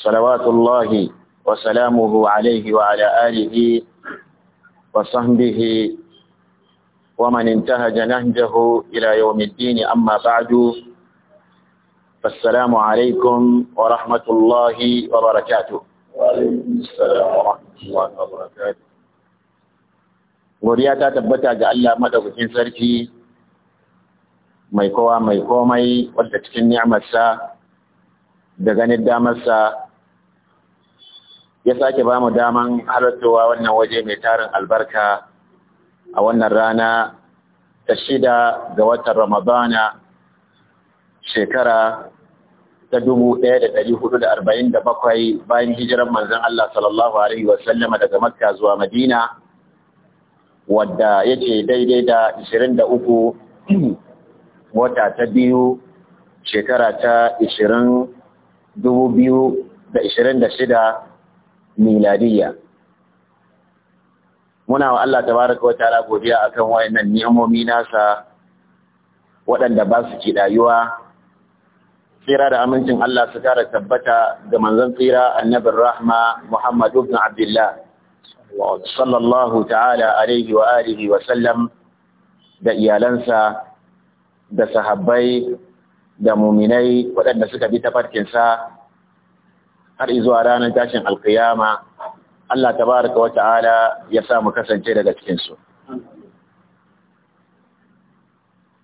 صلوات الله وسلامه عليه وعلى آله وصحبه ومن انتهج نهجه إلى يوم الدين أما بعد فالسلام عليكم ورحمة الله وبركاته وعليكم السلام ورحمة الله وبركاته godiya ta tabbata ga Allah madaukakin sarki mai kowa mai komai wadda cikin ni'amarsa ya sake ba mu daman halartowa wannan waje mai tarin albarka a wannan rana ta shida ga watan Ramadana shekara ta dubu ɗaya da da da arba'in da bakwai bayan hijiran manzan Allah sallallahu Alaihi wasallama daga Makka zuwa Madina wadda yake daidai da da uku wata ta biyu shekara ta da shida. miladiyya muna wa Allah tabaraka wa ta'ala godiya akan wayannan ni'amomi nasa waɗanda ba su ci dayuwa tsira da amincin Allah su kara tabbata ga manzon tsira annabin rahma Muhammad ibn Abdullah sallallahu ta'ala alaihi wa alihi wa sallam da iyalansa da sahabbai da muminai waɗanda suka bi tafarkinsa har zuwa ranar tashin alkiyama Allah tabaraka ya sa mu kasance daga cikin su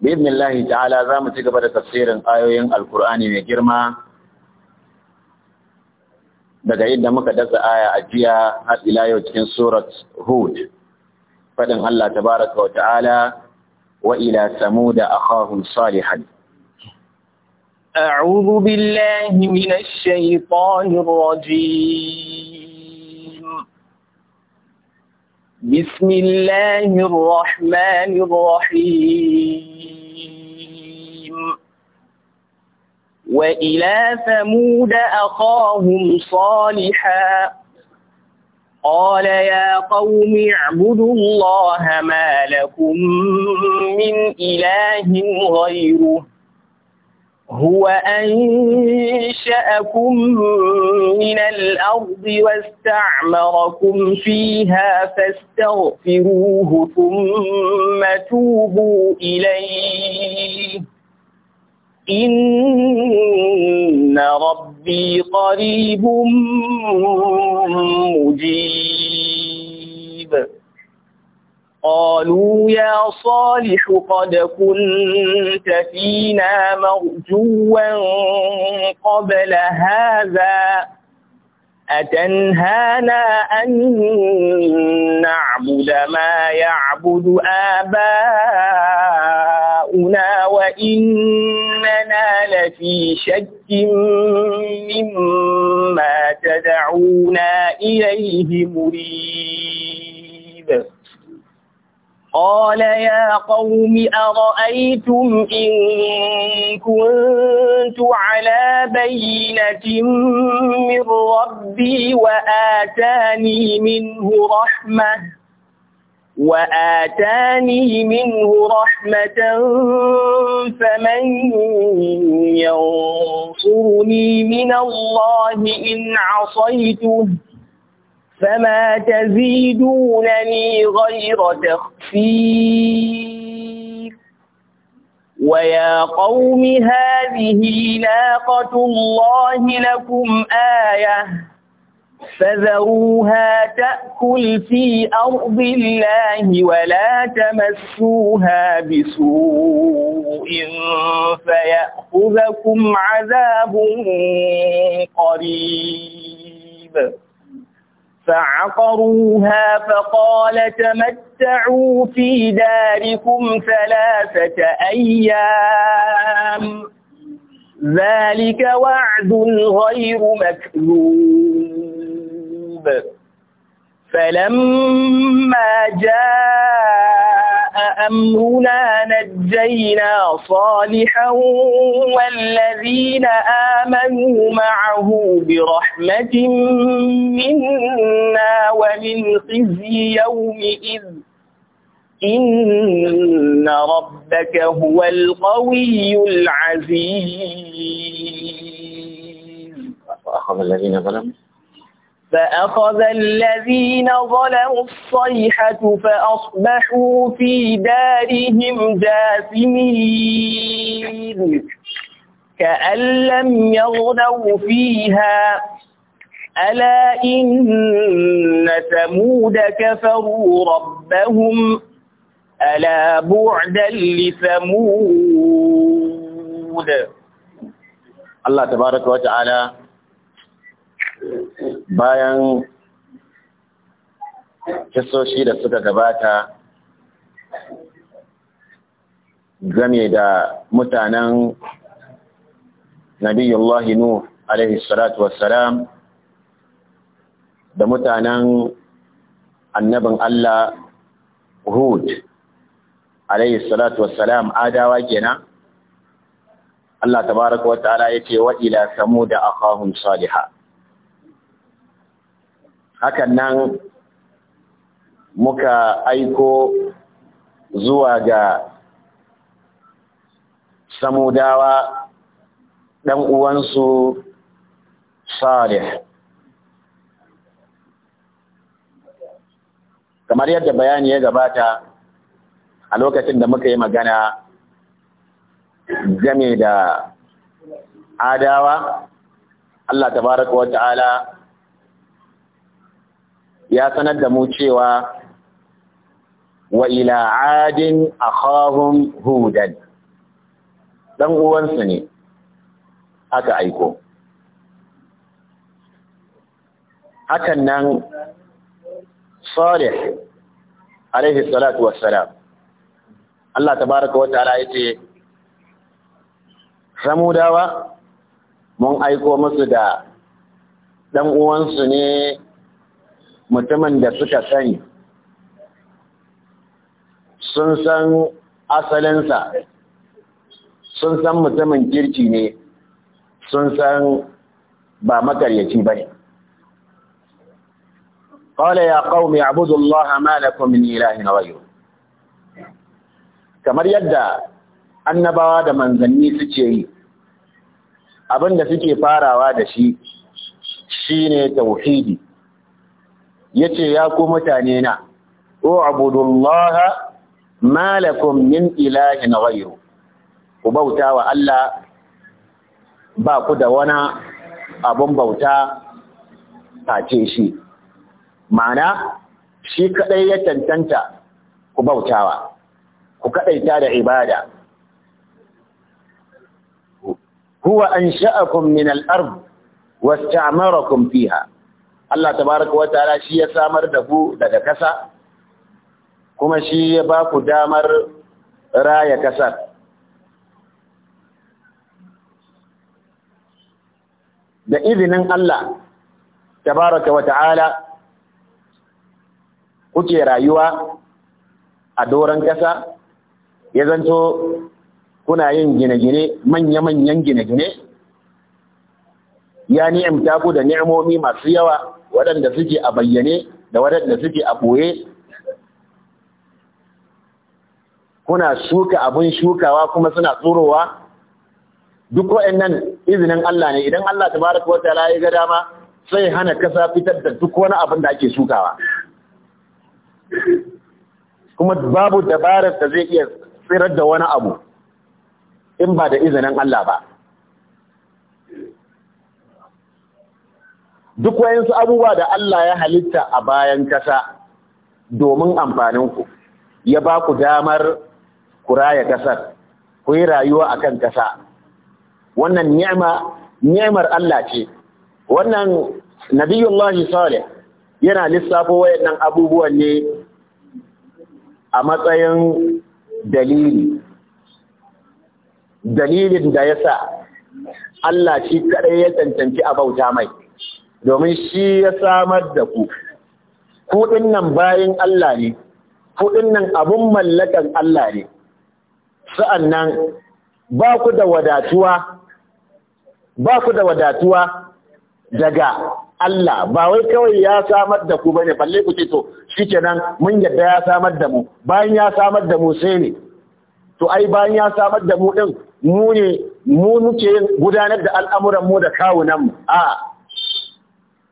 bi'idnillahi ta'ala za mu ci gaba da tafsirin ayoyin alkur'ani mai girma daga yadda muka dasa aya a jiya har ila yau cikin surat hud faɗin Allah tabaraka wata'ala ta'ala wa ila samuda akhahum salihan أعوذ بالله من الشيطان الرجيم بسم الله الرحمن الرحيم وإلى ثمود أخاهم صالحا قال يا قوم اعبدوا الله ما لكم من إله غيره هو أنشأكم من الأرض واستعمركم فيها فاستغفروه ثم توبوا إليه إن ربي قريب مجيب قالوا يا صالح قد كنت فينا مرجوا قبل هذا أتنهانا أن نعبد ما يعبد آباؤنا وإننا لفي شك مما تدعونا إليه مريب قال يا قوم أرأيتم إن كنت على بينة من ربي وآتاني منه رحمة وآتاني منه رحمة فمن ينصرني من الله إن عصيته فما تزيدونني غير تخفيف ويا قوم هذه ناقة الله لكم آية فذروها تأكل في أرض الله ولا تمسوها بسوء فيأخذكم عذاب قريب فعقروها فقال تمتعوا في داركم ثلاثة أيام ذلك وعد غير مكذوب فلما جاء أمرنا نجينا صالحا والذين آمنوا معه برحمة منا ومن خزي يومئذ إن ربك هو القوي العزيز الذين ظلموا فأخذ الذين ظلموا الصيحة فأصبحوا في دارهم جاثمين كأن لم يغنوا فيها ألا إن ثمود كفروا ربهم ألا بعدا لثمود الله تبارك وتعالى bayan kisoshi da suka gabata game da mutanen nabiyullahi nuh alaihi salatu wassalam da mutanen annabin Allah Hud alaihi salatu wassalam adawa kenan Allah tabaraka wa ta'ala yace wa ila da akhahum salihah hakan nan muka aiko zuwa ga samudawa ɗan uwansu salih kamar yadda bayani ya gabata a lokacin da muka yi magana game da adawa Allah tabaraka ta'ala. ya sanar da mu cewa wa ila adin akhahum hudan dan uwansu ne aka aiko hakan nan salih alaihi salatu wassalam Allah tabaraka wa ta'ala yace samudawa mun aiko musu da dan uwansu ne mutumin da suka sani sun san asalinsa sun san mutumin kirki ne sun san ba makaryaci ba ne قال ya قوم اعبدوا الله kamar yadda annabawa da manzanni suke yi abinda suke farawa da shi shi shine tauhidi yace ya ku mutane na o abudullaha malakum min ilahin ghayru ku bauta wa Allah ba ku da wani abun bauta face shi ma'ana shi kaɗai ya tantanta ku bautawa ku kaɗaita da ibada huwa ansha'akum min al-ard wasta'marakum fiha Allah tabaraka wataala shi ya samar da ku daga kasa kuma shi ya ba ku damar raya kasar da izinin Allah tabaraka wataala kuke rayuwa a doron kasa ya zanto kuna yin gine-gine manya-manyan gine-gine ya ta ku da ni'imomi masu yawa waɗanda suke a bayyane da waɗanda suke a ɓoye kuna shuka abin shukawa kuma suna tsorowa duk nan, izinin Allah ne idan Allah ta baraka wata ya ga dama sai hana kasa fitar da duk wani abin da ake shukawa kuma babu dabarar da zai iya tsirar da wani abu in ba da izinin Allah ba duk wayansu abubuwa da Allah ya halitta a bayan kasa domin amfaninku ya ba ku damar ku raya kasar ku yi rayuwa akan kasa wannan ni'ma ni'mar Allah ce wannan nabiyullahi salih yana lissafo wayannan abubuwan ne a matsayin dalili dalilin da yasa Allah shi kaɗai ya tsantsanci a bauta mai domin shi ya samar da ku kuɗin nan bayan Allah ne kuɗin nan abun mallakan Allah ne nan ba ku da wadatuwa ba ku da wadatuwa daga Allah ba wai kawai ya samar da ku bane balle ku ce to nan mun yadda ya samar da mu bayan ya samar da mu sai ne to ai bayan ya samar da mu din mu ne mu muke gudanar da al'amuran mu da kawunan mu a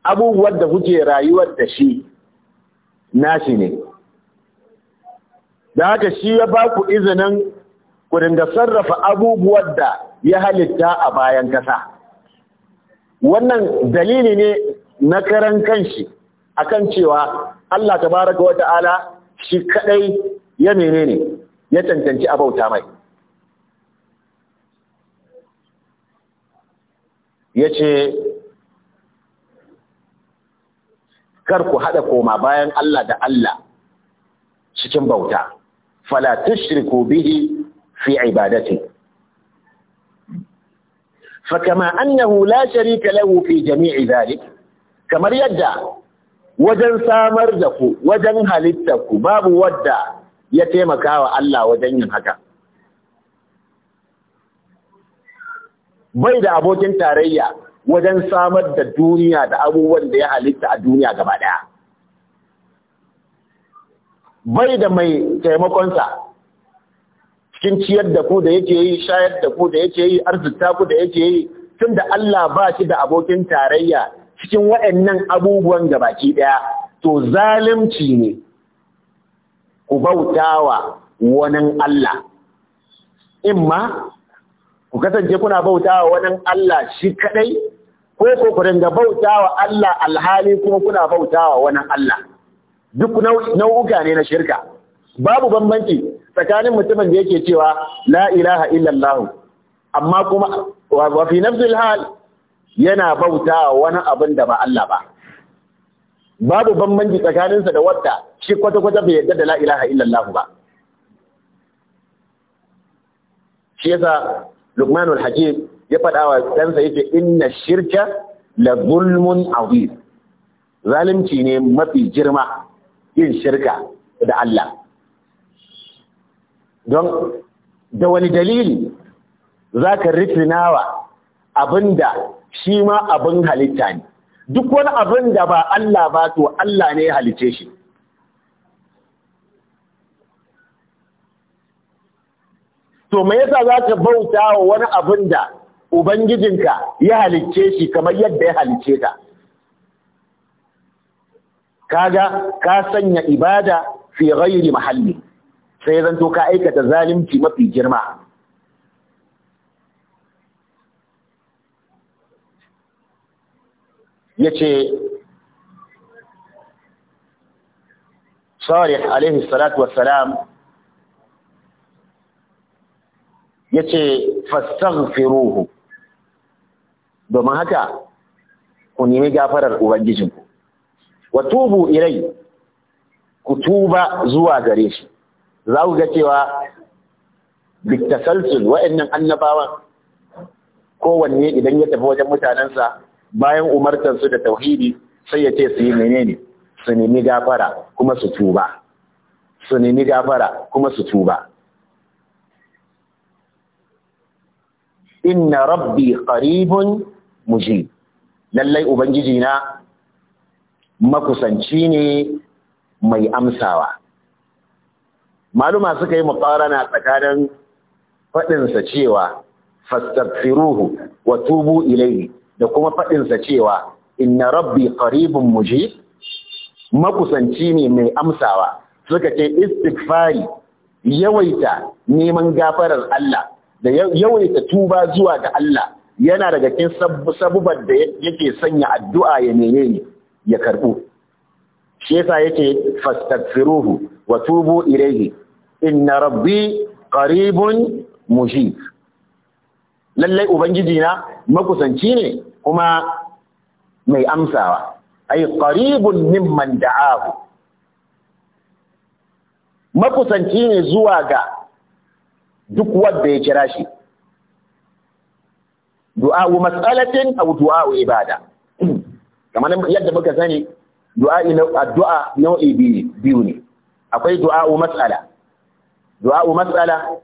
abubuwan da kuke rayuwar da shi nashi ne da haka shi ya ba ku izinin ku dinga sarrafa abubuwan da ya halitta a bayan kasa wannan dalili ne na karan kanshi akan cewa Allah baraka wa ta'ala shi kadai ya menene ya cancanci abauta mai ya ce kar ku haɗa koma bayan Allah da Allah cikin bauta fala tushriku bihi fi ibadati fa kama annahu la sharika lahu fi jami'i kamar yadda wajen samar da ku wajen halitta ku babu wadda ya taimaka wa Allah wajen yin haka bai da abokin tarayya wajen samar da duniya da abubuwan da ya halitta a duniya gaba ɗaya. Bai da mai taimakonsa cikin ciyar da ku da yake yi, shayar da ku da yake yi, arzikta ku da yake yi, tun da Allah ba shi da abokin tarayya cikin waɗannan abubuwan gabaki ɗaya, to zalimci ne ku bauta wa wani Allah. In ma, ku kasance kuna bauta wa wani Allah shi kaɗai ko ko ku ringa bautawa Allah alhali kuma kuna bautawa wani Allah duk nau'uka ne na shirka babu bambanci tsakanin mutumin da yake cewa la ilaha illallah amma kuma wa fi nafsil hal yana bautawa wani abin da ba Allah ba babu bambanci tsakaninsa da wadda shi kwata-kwata bai yarda da la ilaha illallah ba shi yasa Luqmanul Hakim ya faɗa wa ɗansa yake inna shirka la zulmun azim zalunci ne mafi girma yin shirka da Allah don da wani dalili za ka rikinawa abin da shi ma abin halitta ne duk wani abin da ba Allah ba to Allah ne ya halice shi to me yasa za ka bauta wa wani abin da Ubangijinka ya halicce shi kamar yadda ya halicce ka. Kaga ka sanya ibada fi ghairi mahalli sai zanto ka aikata zalunci mafi girma. Yace Salih alaihi salatu wassalam fassan firuhu. domin haka ku nemi gafarar ubangijinku wa tubu irai ku tuba zuwa gare shi za ku ga cewa bitasalsul wa'annan annabawan kowanne idan ya tafi wajen mutanensa bayan umartansu da tauhidi sai ya ce su yi menene su nemi gafara kuma su tuba su nemi gafara kuma su tuba inna rabbi qaribun muji lallai ubangiji na makusanci ne mai amsawa maluma suka yi muqarana tsakanin faɗinsa cewa fastaghfiruhu wa tubu ilayhi da kuma faɗinsa cewa inna rabbi qaribun muji makusanci ne mai amsawa suka ce istighfari yawaita neman gafarar Allah da yawaita tuba zuwa ga Allah yana daga cikin sabubar da yake sanya addu'a ya ne ya karbu shi yake fastaghfiruhu wa tubu ilayhi inna rabbi qaribun mujib lallai ubangiji na makusanci ne kuma mai amsawa ay qaribun mimman da'ahu makusanci ne zuwa ga duk wanda ya kira shi du'a'u mas'alatin aw du'a'u ibada kamar yadda muka sani du'a'i na addu'a nau'i biyu ne akwai du'a'u mas'ala du'a'u mas'ala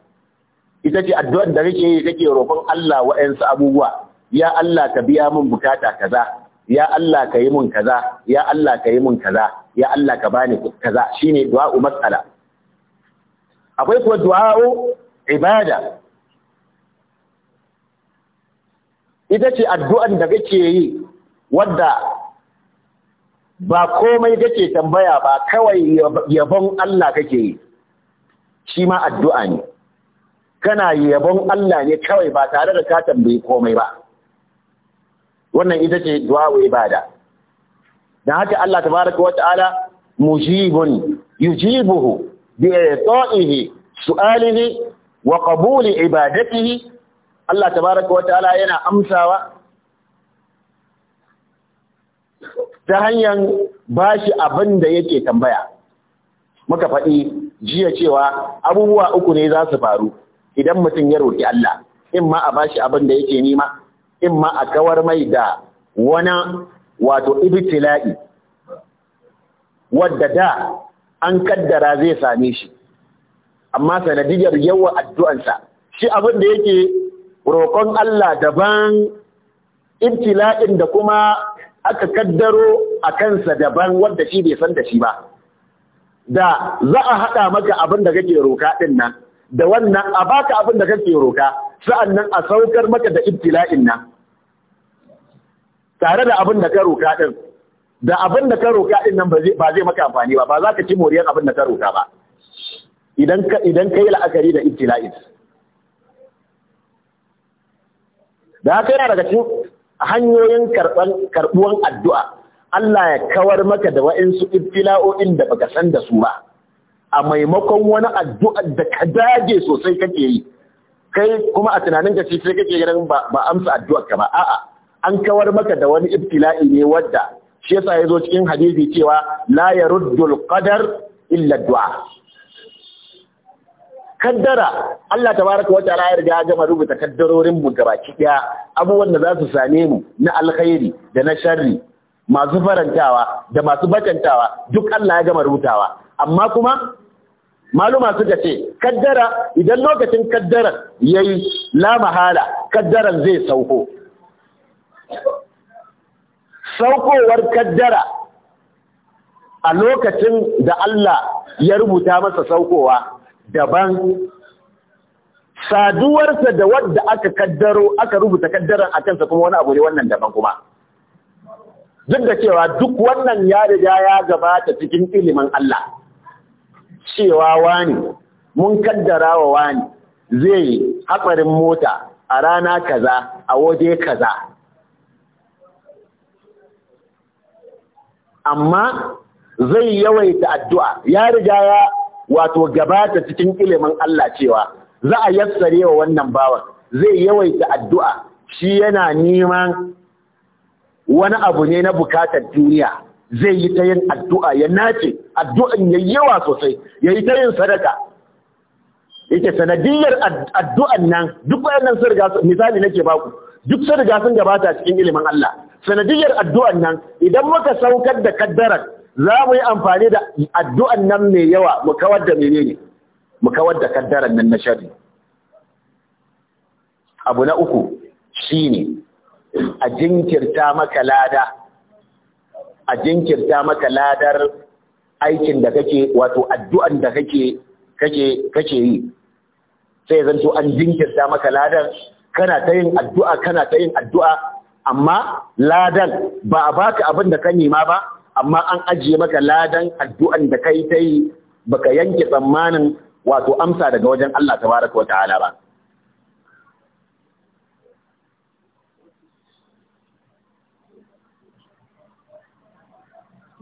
ita ce addu'ar da rike take roƙon Allah wa'ansu abubuwa ya Allah ka biya mun bukata kaza ya Allah ka yi mun kaza ya Allah ka yi mun kaza ya Allah ka bani kaza shine du'a'u mas'ala akwai kuwa du'a'u ibada ita ce addu'an da kake yi wadda ba komai kake tambaya ba kawai yabon Allah kake yi shi ma addu'a ne kana yabon Allah ne kawai ba tare da ka tambayi komai ba wannan ita ce ba da. Da haka Allah ta tabaraka wata'ala mujibun yujibuhu bi ta'ihi su'alihi wa ƙabuli ibadatihi Allah tabaraka wa ta'ala yana amsawa ta hanyar bashi abin da yake tambaya muka faɗi jiya cewa abubuwa uku ne za su faru idan mutum ya roƙi Allah in ma a bashi abin da yake nema in ma a kawar mai da wani wato ibtila'i wadda da an kaddara zai same shi amma sanadiyar yawa addu'ansa shi abin da yake roƙon Allah daban ibtila'in da kuma aka kaddaro a kansa daban wanda shi bai san da shi ba da za a haɗa maka abin da kake roka ɗin nan da wannan a baka abin da kake roka sa'annan a saukar maka da ibtila'in nan tare da abin da ka roka ɗin da abin da ka roka ɗin nan ba zai maka amfani ba ba za ka ci moriyar abin da ka roka ba idan ka yi la'akari da ibtila'in da haka yana daga cikin hanyoyin karɓuwan addu'a Allah ya kawar maka da wa'insu ibtila'o'in da baka san da su ba a maimakon wani addu'a da ka dage sosai kake yi kai kuma a tunanin ka sai kake ganin ba amsa addu'ar ka ba a'a an kawar maka da wani ibtila'i ne wadda shi yasa zo cikin hadisi cewa la yaruddul qadar illa du'a kaddara Allah ta wa wata ya riga ya gama rubuta kaddarorin mu baki daya abubuwan da za su same mu na alkhairi da na sharri masu farantawa da masu bakantawa duk Allah ya gama rubutawa amma kuma maluma suka ce kaddara idan lokacin kaddaran yayi la mahala kaddaran zai sauko saukowar kaddara a lokacin da Allah ya rubuta masa saukowa daban saduwarsa da wadda aka kaddaro aka rubuta kaddaran a kansa kuma wani abu ne wannan daban kuma duk da cewa duk wannan ya riga ya gabata cikin ilimin Allah cewa wani mun kaddara wa wani zai hatsarin mota a rana kaza a waje kaza amma zai yawaita addu'a ya riga ya wato gabata cikin ilimin Allah cewa za a yassare wa wannan bawan zai yawaita addu'a shi yana neman wani abu ne na bukatar duniya zai yi ta yin addu'a ya nace addu'an ya yawa sosai ya yi ta yin sadaka yake sanadiyar addu'an nan duk wayannan sun riga misali nake baku duk sun riga sun gabata cikin ilimin Allah sanadiyar addu'an nan idan muka saukar da kaddarar za mu yi amfani da addu'an nan mai yawa mu kawar da ne, mu kawar da kaddaran nan na shari abu na uku shi ne, a jinkirta maka lada a jinkirta maka ladar aikin da kake wato addu'an da kake kake yi sai zanto an jinkirta maka ladar, kana ta yin addu'a kana ta yin addu'a amma ladan ba a baka abin da ka nema ba amma an ajiye maka ladan addu'an da kai ta yi baka yanke tsammanin wato amsa daga wajen Allah baraka wa ta'ala ba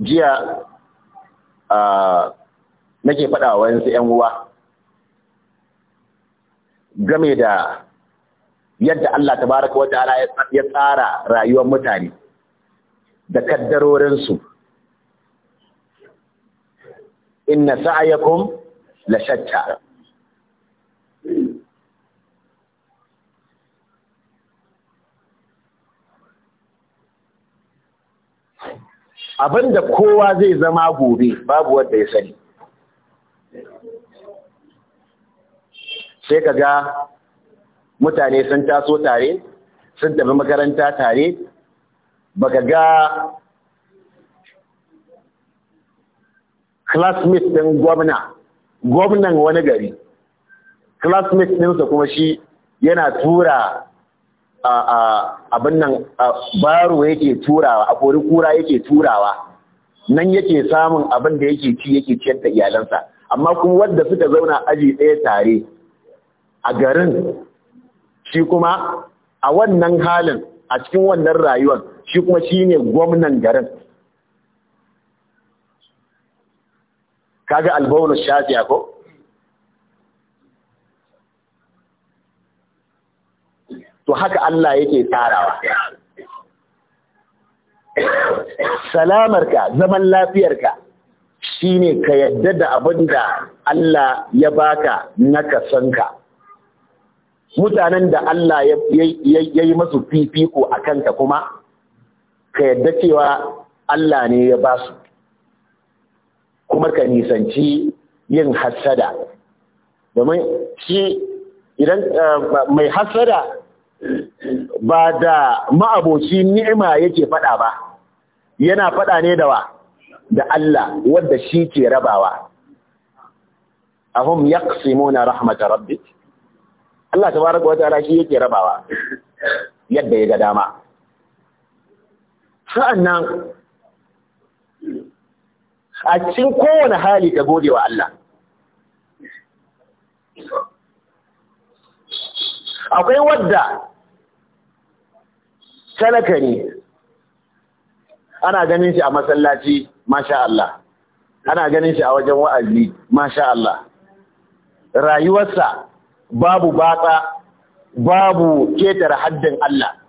jiya nake faɗa wa yansu ‘yan uwa game da yadda Allah baraka wa ta'ala ya tsara rayuwar mutane da kaddarorinsu inna sa'ayakum la shatta abinda kowa zai zama gobe babu wanda ya sani sai kaga mutane sun taso tare sun tafi makaranta tare baka ga classmate ɗin gwamna gwamnan wani gari classmate ɗinsa kuma shi yana tura abin nan baro yake turawa a kori kura yake turawa nan yake samun abin da yake ci yake ciyar da iyalansa amma kuma wadda suka zauna aji ɗaya tare a garin shi kuma a wannan halin a cikin wannan rayuwar shi kuma shi ne gwamnan garin kaga albawul shafiya ko to haka Allah yake Salamar ka zaman lafiyar lafiyarka shine ka yadda da abin da Allah ya baka na kasanka mutanen da Allah ya yi masu fifiko a kanka kuma ka yadda cewa Allah ne ya basu kuma ka nisanci yin hasada. domin shi idan eh, mai hasada ba da ma'aboci ni'ima yake fada ba yana fada ne da wa da Allah wadda shi ke rabawa ahum yaqsimuna rahmat rabbik Allah tabaraka wa ta'ala shi yake rabawa yadda ya ga dama sa'annan a cikin kowane hali ka gode wa Allah akwai wadda talaka ne ana ganin shi a masallaci masha Allah ana ganin shi a wajen wa'azi masha Allah rayuwarsa babu batsa babu ketare haddin Allah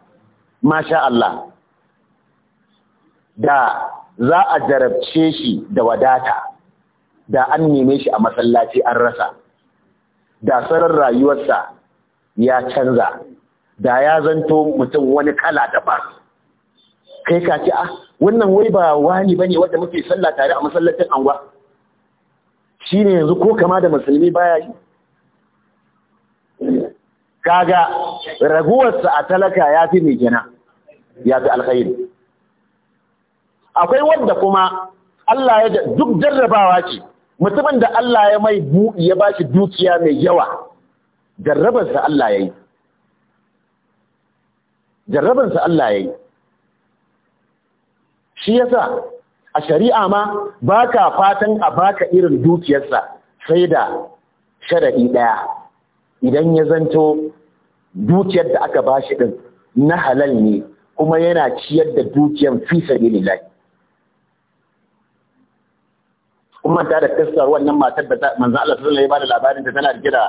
masha Allah da za a jarabce shi da wadata da an neme shi a masallaci an rasa da sarar rayuwarsa ya canza da ya zanto mutum wani kala daban kai ka ce ah wannan wai ba wani bane wanda muke sallah tare a masallacin anguwa shine yanzu ko kama da musulmi baya yi kaga raguwarsa a talaka ya fi mai gina ya fi alkhairi akwai wanda kuma Allah ya duk jarrabawa ce mutumin da Allah ya mai ya bashi dukiya mai yawa jarrabansa Allah ya yi jarrabansa Allah ya yi shi ya sa, a shari'a ma baka fatan a baka irin dukiyarsa sai da sharaɗi ɗaya idan ya zanto dukiyar da aka bashi ɗin na halal ne kuma yana ciyar da dukiyar fi sabilillah kun manta da kasar wannan matar da manzo Allah sallallahu alaihi wasallam ya labarin ta tana rike da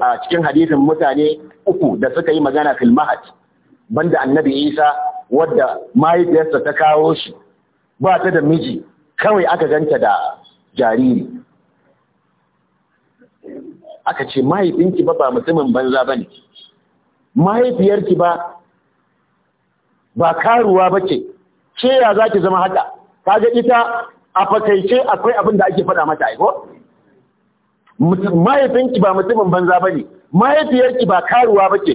a cikin hadisin mutane uku da suka yi magana fil mahad banda annabi Isa wadda mahaifiyarsa ta kawo shi ba ta da miji kawai aka ganta da jariri aka ce mahaifinki ba ba mutumin banza bane mahaifiyarki ba ba karuwa bace ce ya zaki zama haka ga ita a fakaice akwai abin da ake faɗa mata aiko mahaifinki ba mutumin banza ba ne mahaifiyarki ba karuwa ba ke.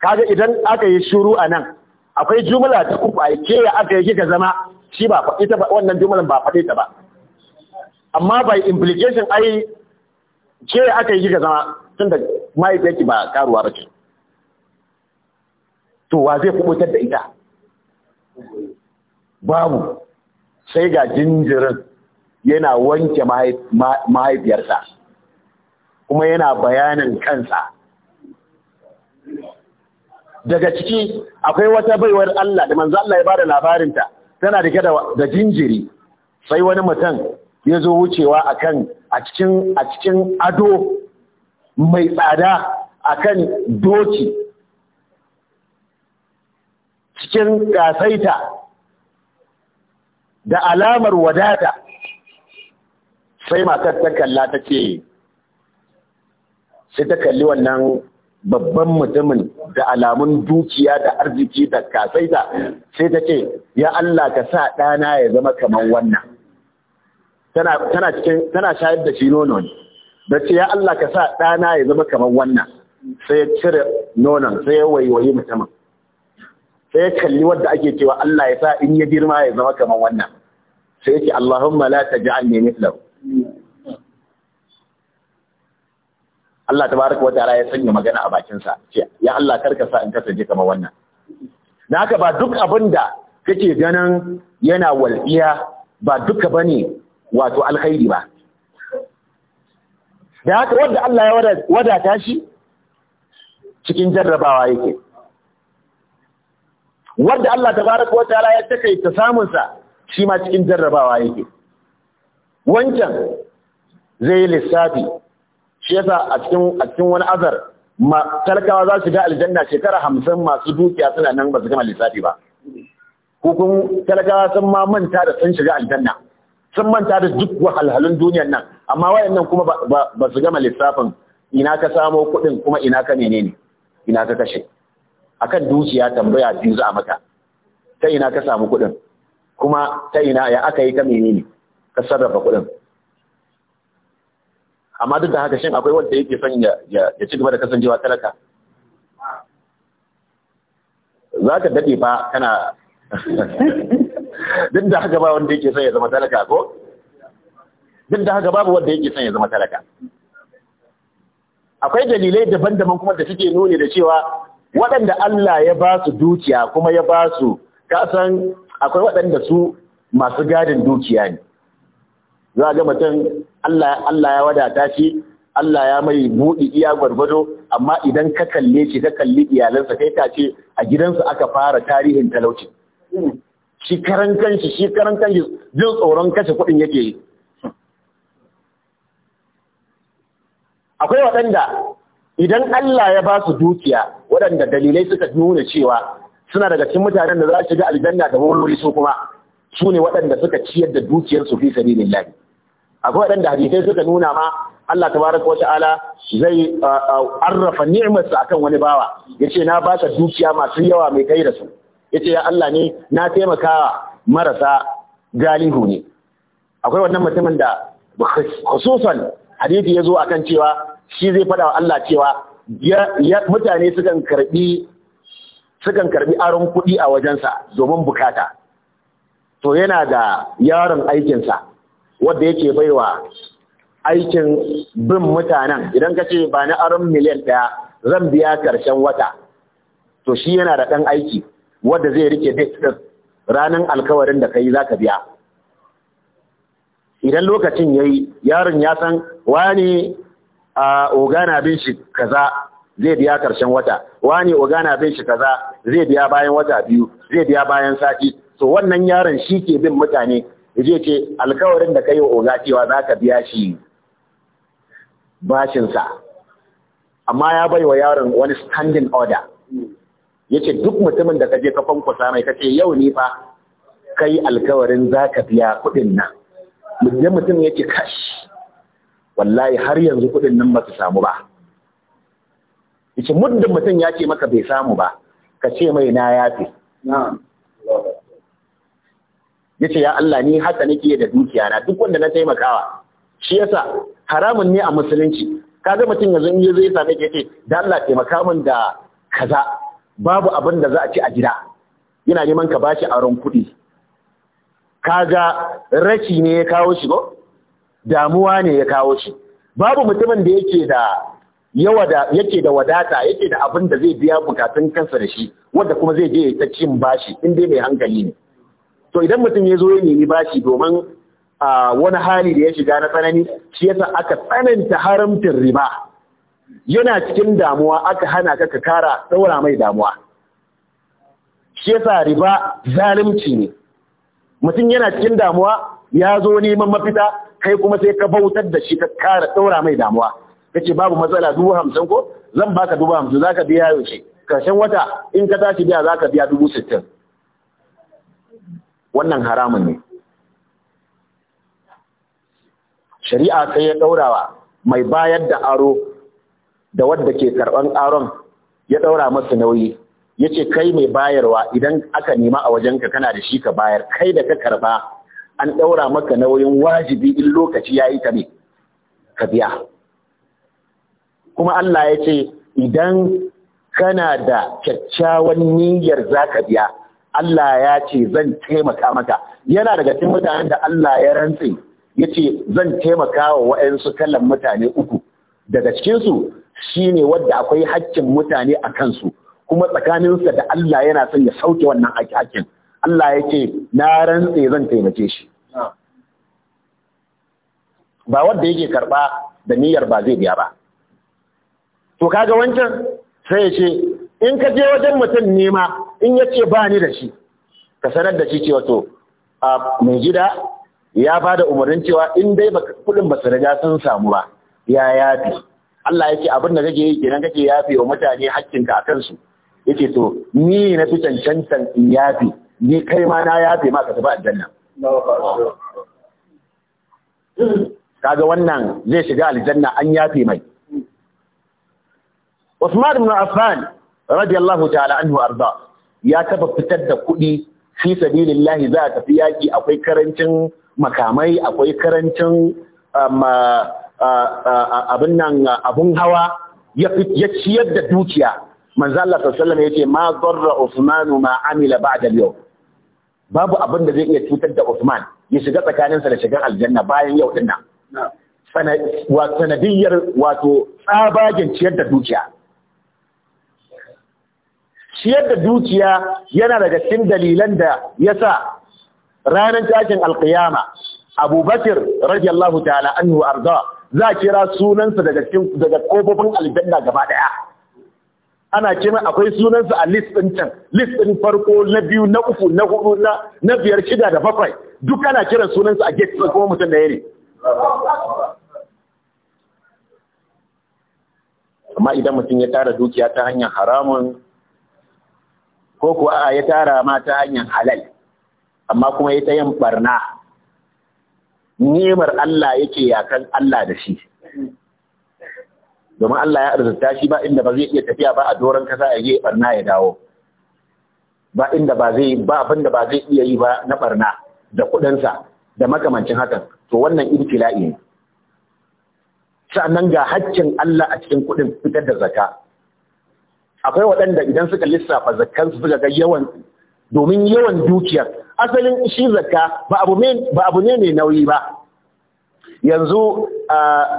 kaga idan aka yi shuru a nan akwai jumla ta kuma a ke ya aka yi kika zama shi ba ita ba wannan jumlan ba faɗe ta ba amma by implication ai ke ya aka yi kika zama tun da mahaifiyarki ba karuwa ba ke. to wa zai kubutar da ita babu sai ga jinjirin yana wanke mahaifiyarsa kuma yana bayanin kansa daga ciki akwai wata baiwar Allah da manzo Allah ya bada labarinta tana rike da jinjiri sai wani mutum ya zo wucewa akan a cikin a cikin ado mai tsada akan doki cikin kasaita da alamar wadata sai matar ta kalla ta ce sai ta kalli wannan babban mutumin da alamun dukiya da arziki da kasaita sai ta ce ya Allah ka sa ɗana ya zama kamar wannan tana shayar da shi nono ne da ce ya Allah ka sa ɗana ya zama kamar wannan sai ya cire nonon sai ya waiwayi mutumin sai ya kalli wadda ake cewa Allah ya sa in ya girma ya zama kamar wannan sai yake Allahumma la taj'alni mithlahu Allah tabaraka wa ta'ala ya sanya magana a bakin sa ce ya Allah karka sa in kasance kamar wannan Na haka ba duk abinda kake ganin yana wal'iya ba duka bane wato alkhairi ba da haka wanda Allah ya wadata shi cikin jarrabawa yake wanda Allah tabaraka wa ta'ala ya takaita samun sa shi ma cikin jarrabawa yake wancan zai yi lissafi shi yasa a cikin a cikin wani azar ma talakawa za su ga aljanna shekara hamsin masu dukiya suna nan ba su gama lissafi ba hukun talakawa sun ma manta da sun shiga aljanna sun manta da duk wahalhalun duniyar nan amma wayannan kuma ba su gama lissafin ina ka samo kuɗin kuma ina ka menene ina ka kashe akan dukiya tambaya biyu za a maka sai ina ka samu kuɗin kuma ta ina ya aka yi ta menene ka sarrafa kuɗin amma duk da haka shin akwai wanda yake son ya ci gaba da kasancewa talaka za ka daɗe fa kana duk da haka ba wanda yake son ya zama talaka ko duk da haka babu wanda yake son ya zama talaka akwai dalilai daban-daban kuma da suke nuni da cewa waɗanda Allah ya ba su dukiya kuma ya ba su kasan akwai waɗanda su masu gadin dukiya ne za ga mutum Allah ya wadata shi Allah ya mai buɗi iya gwargwado amma idan ka kalle shi ka kalli iyalansa kai ta ce a gidansu aka fara tarihin talauci shi karan kanshi shi karan kanshi jin tsoron kashe kuɗin yake yi akwai waɗanda idan Allah ya ba su dukiya waɗanda dalilai suka nuna cewa suna daga cikin mutanen da za su shiga aljanna da wuri su kuma su ne waɗanda suka ciyar da dukiyar su fi lillahi akwai waɗanda hadisai suka nuna ma Allah tabaraka wata'ala zai arrafa ni'imarsa akan wani bawa yace na ba ka dukiya masu yawa mai kai da su yace ya Allah ne na taimakawa marasa galihu ne akwai wannan mutumin da khususan hadisi yazo akan cewa shi zai faɗa wa Allah cewa mutane sukan karɓi. sukan karbi aron kuɗi a wajensa domin bukata to yana da yaron aikinsa wadda yake baiwa aikin bin mutanen idan ka ce ba na aron miliyan ɗaya zan biya ƙarshen wata to shi yana da ɗan aiki wadda zai rike ɗin ranar alkawarin da ka yi za ka biya idan lokacin ya yi yaron ya san wani a ah, ogana bin shi kaza zai biya karshen wata wani ogana bin shi kaza zai biya bayan wata biyu zai biya bayan sati to wannan yaron shi ke bin mutane yaje ce alkawarin da kai wa oga cewa za ka biya shi bashinsa amma ya bai wa yaron wani standing order ya ce duk mutumin da ka je ka kwankwasa mai kake yau ne fa Kai yi alkawarin za ka biya kuɗin nan mutum ya ce kashi. wallahi har yanzu kuɗin nan ba su samu ba yace muddin mutum ya ce maka bai samu ba ka ce mai na ya fi. ya ce ya Allah ni haka nake da dukiya na duk wanda na taimakawa shi yasa haramun ne a musulunci Ka kaga mutum yanzu in zai ya same da Allah taimaka min da kaza babu abin da za a ci a gida yana neman ka bashi aron kuɗi kaga raki ne ya kawo shi ko damuwa ne ya kawo shi babu mutumin da yake da yake da wadata yake da abin da zai biya bukatun kansa da shi wanda kuma zai je ta cin bashi in dai mai hankali ne to idan mutum ya zo ya nemi bashi domin wani hali da ya shiga na tsanani shi yasa aka tsananta haramcin riba yana cikin damuwa aka hana ka ka kara daura mai damuwa shi yasa riba zalunci ne mutum yana cikin damuwa ya zo neman mafita kai kuma sai ka bautar da shi ka kara daura mai damuwa kace babu matsala dubu hamsin ko zan baka dubu hamsin zaka biya yaushe karshen wata in ka tashi biya zaka biya dubu sittin wannan haramun ne shari'a sai ya ɗaurawa mai bayar da aro da wadda ke karɓar aron ya ɗaura masa nauyi ya ce kai mai bayarwa idan aka nema a wajenka kana da shi ka bayar kai da ka karɓa an ɗaura maka nauyin wajibi in lokaci ya yi ka ne ka biya kuma Allah ya ce idan kana da kyakkyawan niyyar zaka biya Allah ya ce zan taimaka maka yana daga cikin mutanen da Allah ya rantse ya ce zan taimaka wa waɗansu kallon mutane uku daga cikinsu shine wadda akwai haƙƙin mutane a kansu kuma tsakaninsa da Allah yana son ya sauke wannan haƙƙin Allah ya ce na rantse zan taimake shi ba wadda yake karɓa da niyyar ba zai biya ba to kaga wancan sai ya ce in ka je wajen mutum nema in ya ce ba ni da shi ka sanar da shi cewa to a mai gida ya ba da umarnin cewa in dai kudin ba su sun samu ba ya yafi Allah ya ce abin da kake yi kenan kake yafe wa mutane hakkinka a kansu yake to ni na fi cancantan in yafe ni kai ma na yafe ma ka tafi aljanna kaga wannan zai shiga aljanna an yafi mai Usman ibn Affan radiyallahu ta'ala anhu arda ya taba fitar da kuɗi fi sabilillahi za a tafi yaki akwai karancin makamai akwai karancin um, uh, uh, uh, abin nan abun hawa ya ciyar da dukiya manzo Allah sallallahu alaihi yace ma darra Usman ma amila ba'da yau babu abin da zai iya cutar da Usman ya shiga tsakaninsa da shigar aljanna bayan yau din nan sanadiyyar wato tsabagen ciyar da dukiya ciyar da dukiya yana daga cikin dalilan da ya sa ranar tashin alkiyama abubakar radiyallahu ta'ala yi arda za a kira sunansa daga kofofin aljanna gaba daya ana kira akwai sunansa a list ɗin can list farko na biyu na uku na hudu na biyar shida da bakwai duk ana kiran sunansa a gate din kuma mutum da yare amma idan mutum ya tara dukiya ta hanyar haramun ko kuwa a ya tara ma ta hanyar halal amma kuma ya ta yin barna nemar Allah yake yakan Allah da shi domin Allah ya arzuta shi ba inda ba zai iya tafiya ba a doron kasa ya yi barna ya dawo ba inda ba zai ba abin da ba zai iya yi ba na barna da kuɗinsa da makamancin hakan to wannan ibtila'i ne nan ga haccin Allah a cikin kuɗin fitar da zakka akwai waɗanda idan suka lissafa zakkansu suka ga yawan domin yawan dukiyar asalin shi zakka ba abu ne mai nauyi ba yanzu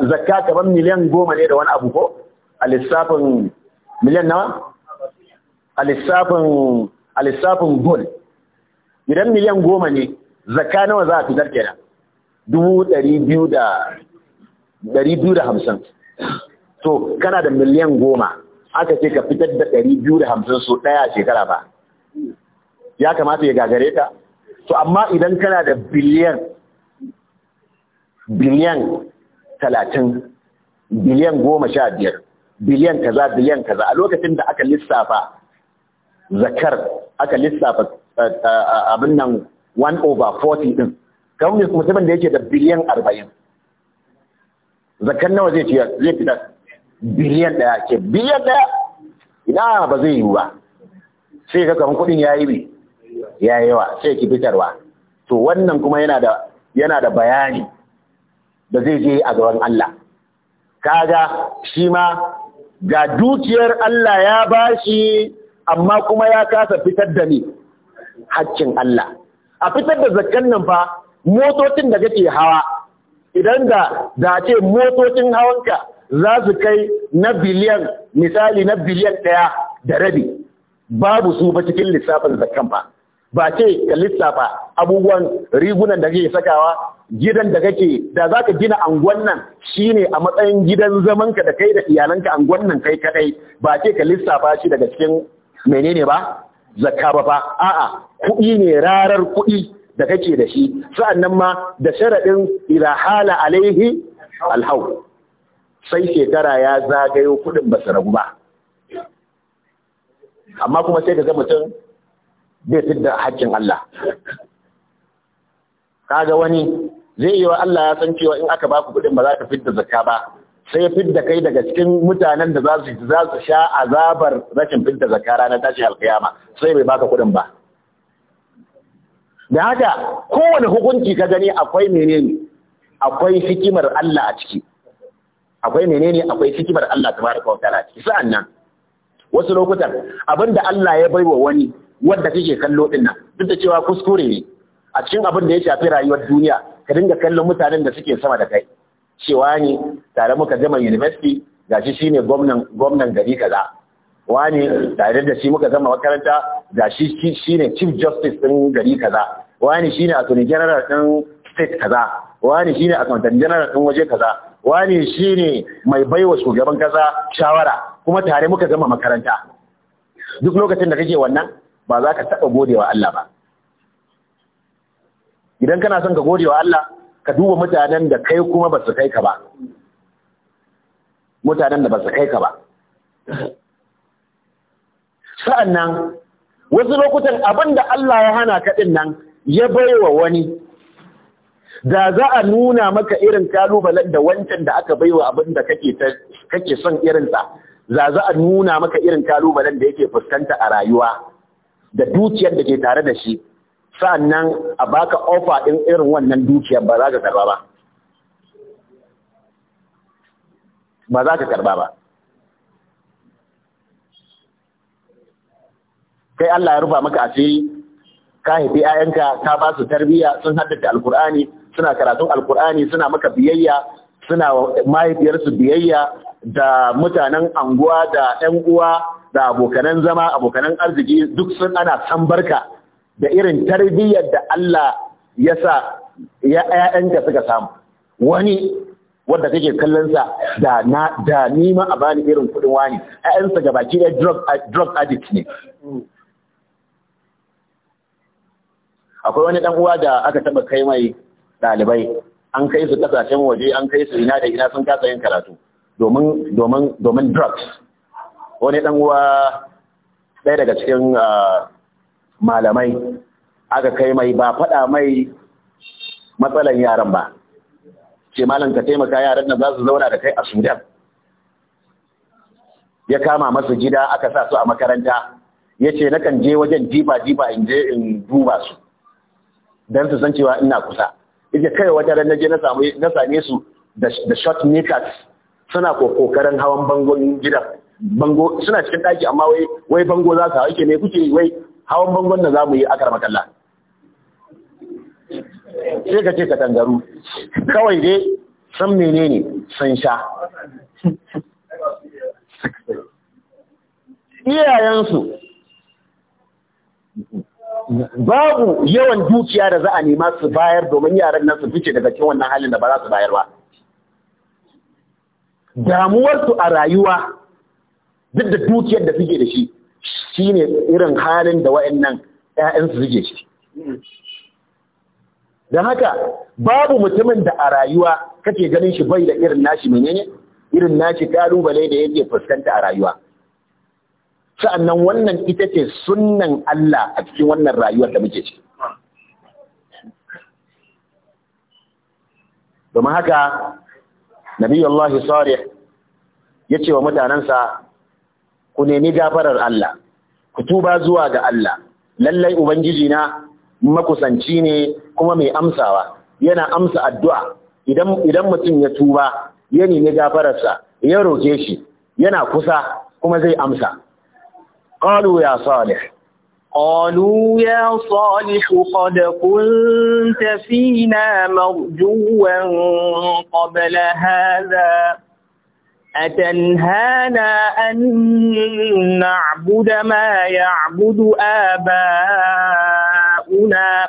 zakka kaman miliyan goma ne da wani abu ko a lissafin miliyan nawa a lissafin a lissafin gol idan miliyan goma ne zakka nawa za a fitar kenan dubu ɗari biyu da ɗari biyu da hamsin to kana da miliyan goma aka ce ka fitar da ɗari biyu da hamsin su ɗaya a shekara ba ya kamata ya gagare ta to amma idan kana da biliyan biliyan talatin biliyan goma sha biyar biliyan kaza biliyan kaza a lokacin da aka lissafa zakar aka lissafa eh, eh, abin nan 1 over 40 din kamar mutumin da yake da biliyan arba'in. zakar nawa zai fitar biliyan ɗaya ke biliyan ɗaya. ina ba zai yiwu ba sai ga kuɗin kudin yayi bi ya sai ki fitarwa to wannan kuma yana da bayani da zai je a gaban Allah kaga shi ma ga dukiyar Allah ya bashi amma kuma ya kasa fitar da ni haƙƙin Allah a fitar da zakkan nan fa motocin da kake hawa idan da da ce motocin hawanka za su kai na biliyan misali na biliyan ɗaya da rabi babu su ba cikin lissafin zakan ba ba ce ka lissafa abubuwan rigunan da kake sakawa gidan da kake da za ka gina anguwan nan shine a matsayin gidan zamanka da kai da iyalanka anguwan nan kai kadai ba ce ka lissafa shi daga cikin menene ba zakka ba ba a'a kuɗi ne rarar kuɗi da kake da shi sa'annan ma da sharaɗin ila hala alaihi alhau sai shekara ya zagayo kuɗin ba su ragu ba amma kuma sai ka ga mutum bai fi da haƙƙin Allah kaga wani zai yi wa Allah ya san cewa in aka baku kuɗin ba za ka fidda zakka ba sai ya fidda kai daga cikin mutanen da za su za su sha azabar rashin fidda zakka ranar tashi alkiyama sai bai baka kuɗin ba da haka kowane hukunci ka gani akwai menene akwai hikimar Allah a ciki akwai menene akwai hikimar Allah tabaraka wa ta'ala sa'an sa'annan wasu lokutan abinda Allah ya baiwa wani wanda kake kallo din nan duk da cewa kuskure ne a cikin abin da ya shafi rayuwar duniya ka dinga kallon mutanen da suke sama da kai cewa ne tare muka zama university gashi shine gwamnan gwamnan gari kaza wani tare da shi muka zama makaranta gashi shi shine chief justice din gari kaza wani shine attorney general din state kaza wani shine accountant general din waje kaza shi shine mai baiwa shugaban kasa shawara kuma tare muka zama makaranta duk lokacin da kake wannan ba za ka taɓa godewa Allah ba idan kana son ka godewa Allah ka duba mutanen da kai kuma ba su kai ka ba mutanen da ba su kai ka ba sa'annan wasu lokutan abin da Allah ya hana kaɗin nan ya baiwa wani da za a nuna maka irin kalubalen da wancan da aka baiwa abin da kake son irinsa za za a nuna maka irin kalubalen da yake fuskanta a rayuwa da dukiyar da ke tare da shi sa'annan a baka ofa ɗin irin wannan dukiyar ba za ka karba ba ba za ka karba ba kai Allah ya rufa maka asiri ka haifi 'ya'yanka ka ba su tarbiyya sun haddace alkur'ani suna karatun alkur'ani suna maka biyayya suna mahaifiyarsu biyayya da mutanen anguwa da 'yan uwa da abokanan zama abokanan arziki duk sun ana san barka da irin tarbiyyar da Allah ya sa ‘ya'yanka suka samu wani wadda kake kallonsa da da nima a bani irin kudin wani ‘ya'yansa ga baki da drug addict ne akwai wani 'yan uwa da aka taba kai mai ɗalibai an kai su kasashen waje an kai su ina da ina sun kasa yin karatu domin domin drugs wani dan uwa ɗaya daga cikin ah, malamai aka kai mai ba faɗa mai matsalan yaran ba ce malam ka taimaka yaran nan za su zauna da kai a sudan ya kama masu gida aka sa su a makaranta ya ce nakan je wajen jifa-jifa in je in duba su don su san cewa ina kusa yake kai wata ran naje na samu na same su da shot makers suna kokarin hawan bangon gidan bango suna cikin daki amma wai wai bango za su hauke ne kuke wai hawan bangon da zamu yi akar makalla sai ka ce ka tangaru kawai dai san menene san sha iyayensu babu yawan dukiya da za a nema su bayar domin yaran nan su fice daga cikin wannan halin da ba za su bayar ba damuwarsu a rayuwa duk da dukiyar da suke da shi shine irin halin da waɗannan 'ya'yansu suke ciki don haka babu mutumin da a rayuwa kake ganin shi bai da irin nashi menene irin nashi kalubale da yake fuskanta a rayuwa sa'annan wannan ita ce sunnan Allah a cikin wannan rayuwar da muke ciki domin haka Allah salih ya ce wa mutanensa ku nemi gafarar Allah ku tuba zuwa ga Allah lallai ubangiji na makusanci ne kuma mai amsawa yana amsa addu'a idan mutum ya tuba ya nemi gafararsa ya roke shi yana kusa kuma zai amsa قالوا يا صالح قالوا يا صالح قد كنت فينا مرجوا قبل هذا أتنهانا أن نعبد ما يعبد آباؤنا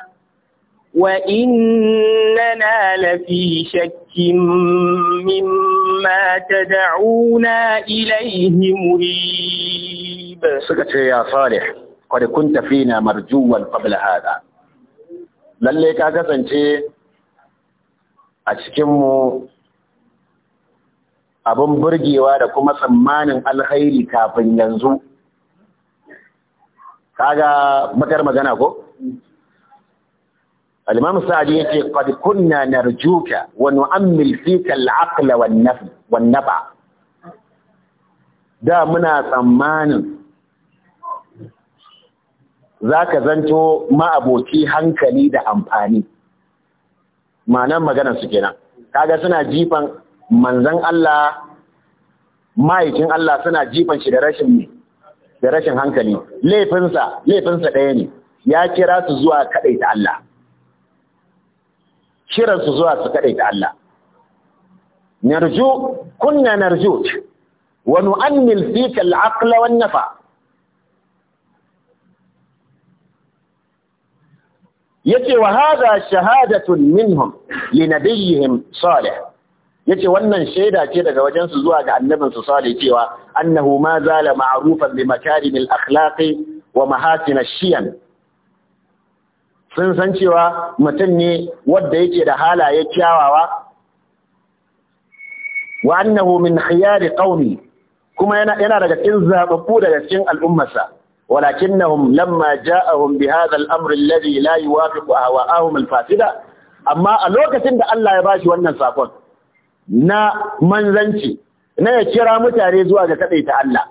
وإننا لفي شك مما تدعونا إليه مريب سكت يا صالح قد كنت فينا مرجوا قبل هذا lalle ka kasance a cikinmu abin burgewa da kuma tsammanin alkhairi kafin yanzu kaga bakar magana ko الإمام السعدي يقول قد كنا نرجوك ونؤمل فيك العقل والنفع والنبع da muna tsammanin za ka zanto ma'aboki hankali da amfani manan maganar su kenan kaga suna jifan manzan Allah ma'aikin Allah suna jifan shi da rashin hankali laifinsa ɗaya ne ya kira su zuwa ta Allah kiran su zuwa su kade da Allah narju kunna narju wa nu'ammil fika al-aqla wan nafa yace wa hada shahadatun minhum li nabiyihim salih yace wannan shaida ce daga wajen su zuwa ga annabin su salih cewa annahu ma zala ma'rufan bi makarimil akhlaqi wa mahasin ash-shiyan sun san cewa mutum ne wadda yake da halaye kyawawa wa annahu min khiyari qaumi kuma yana yana daga cikin zababbu daga cikin al'ummarsa walakinnahum lamma ja'ahum bi hadha al-amr alladhi la yuwafiqu ahwa'ahum al-fasida amma a lokacin da Allah ya bashi wannan sakon na manzanci na ya kira mutane zuwa ga kadaita Allah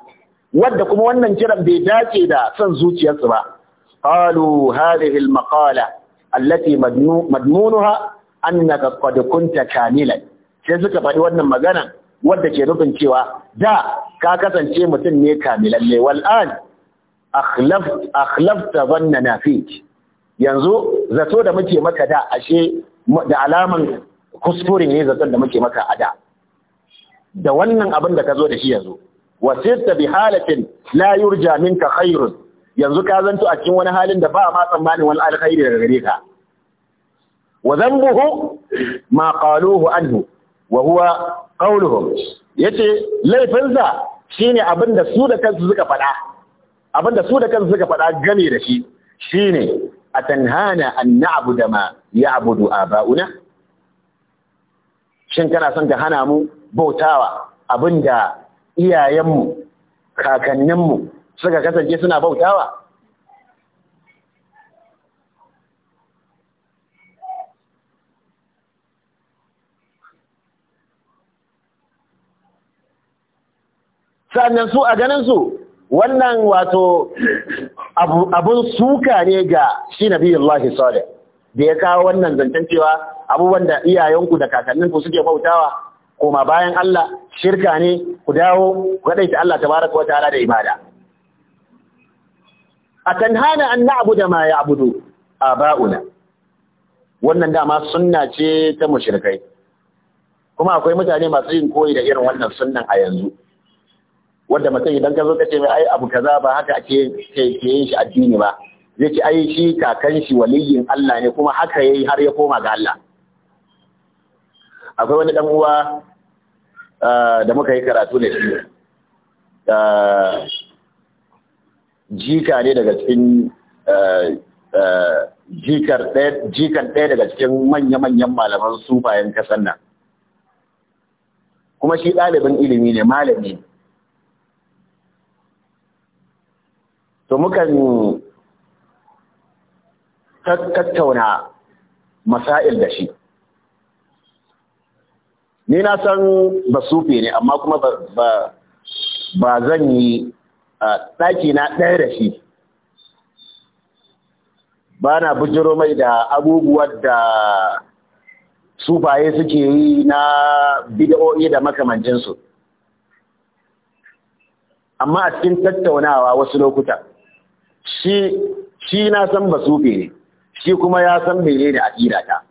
wadda kuma wannan kiran bai dace da son zuciyarsu ba قالوا هذه المقالة التي مضمونها أنك قد كنت كاملا sai suka faɗi wannan magana wadda ke nufin cewa da ka kasance mutum ne kamilalle wal'an akhlafta zanna na yanzu zato da muke maka da ashe da alaman kuskure ne zaton da muke maka a da da wannan abin da ka zo da shi yanzu wasirta bi halatin la yurja minka khairun yanzu ka zanto a cikin wani halin da ba ma tsammanin wani alkhairi daga gare ka wa dhanbuhu ma qaluhu anhu wa huwa Ya yace laifinsa shine abin su da kansu suka faɗa abin da su da kansu suka faɗa game da shi shine atanhana an na'budu ma ya'budu aba'una shin kana son ka hana mu bautawa abinda iyayenmu kakanninmu suka kasance suna bautawa sannan su a ganin su wannan wato abun suka ne ga shi na biyu Allah Sode da ya kawo wannan zancen cewa abubuwan da iyayenku da kakanninku suke bautawa koma bayan Allah shirka ne ku dawo ku kaɗaita Allah baraka wata ta'ala da ibada atanhana an na'budu ma ya'budu aba'una wannan dama sunna ce ta mushrikai kuma akwai mutane masu yin koyi da irin wannan sunnan a yanzu wanda mutum idan ka zo ka ce mai ai abu kaza ba haka ake ke yin shi addini ba zai ce ai shi kakan shi waliyin Allah ne kuma haka yayi har ya koma ga Allah akwai wani dan uwa ah, da muka yi karatu da shi ah, jika ne daga cikin eh, eh, jikar ɗaya daga cikin manya-manyan malaman sufayen kasan nan kuma shi ɗalibin ilimi ne malami to mukan tattauna masa'il da shi ni na san ba sufe ne amma kuma ba zan yi ɗaki na ɗaya da shi ba na bujiro mai da abubuwan da sufaye suke yi na bid'o'i da makamancinsu amma a cikin tattaunawa wasu lokuta shi na san ba sufe ne shi kuma ya san mene ne aƙida ta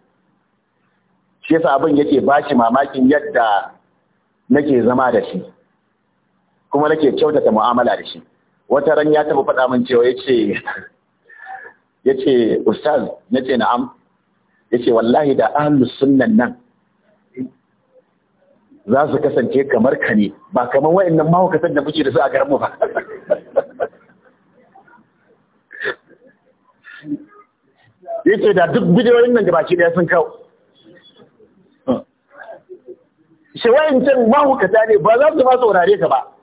shi yasa abin yake bashi mamakin yadda nake zama da shi kuma nake kyautata mu'amala da shi wata ran ya taba faɗa min cewa yace yace ustaz nace na'am yace wallahi da ahlus sunnan nan za su kasance kamar ka ne ba kamar wayannan mahaukatan da muke da su a garin mu ba yace da duk bidiyoyin nan gabaki da sun kawo shi wayancan mahukata ne ba za su ma saurare ka ba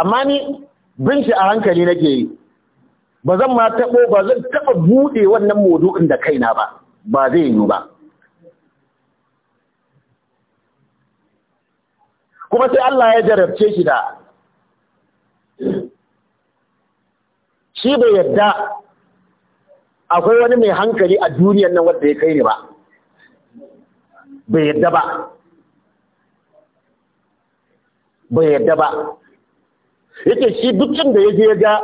amma ni binci a hankali nake yi ba zan ma taɓo ba zan taɓa buɗe wannan in da kaina ba ba zai yi ba kuma sai Allah ya jarabce shi da shi bai yadda akwai wani mai hankali a duniyar nan wanda ya kai ni ba bai yadda ba bai yadda ba yake shi dukkan da ya ga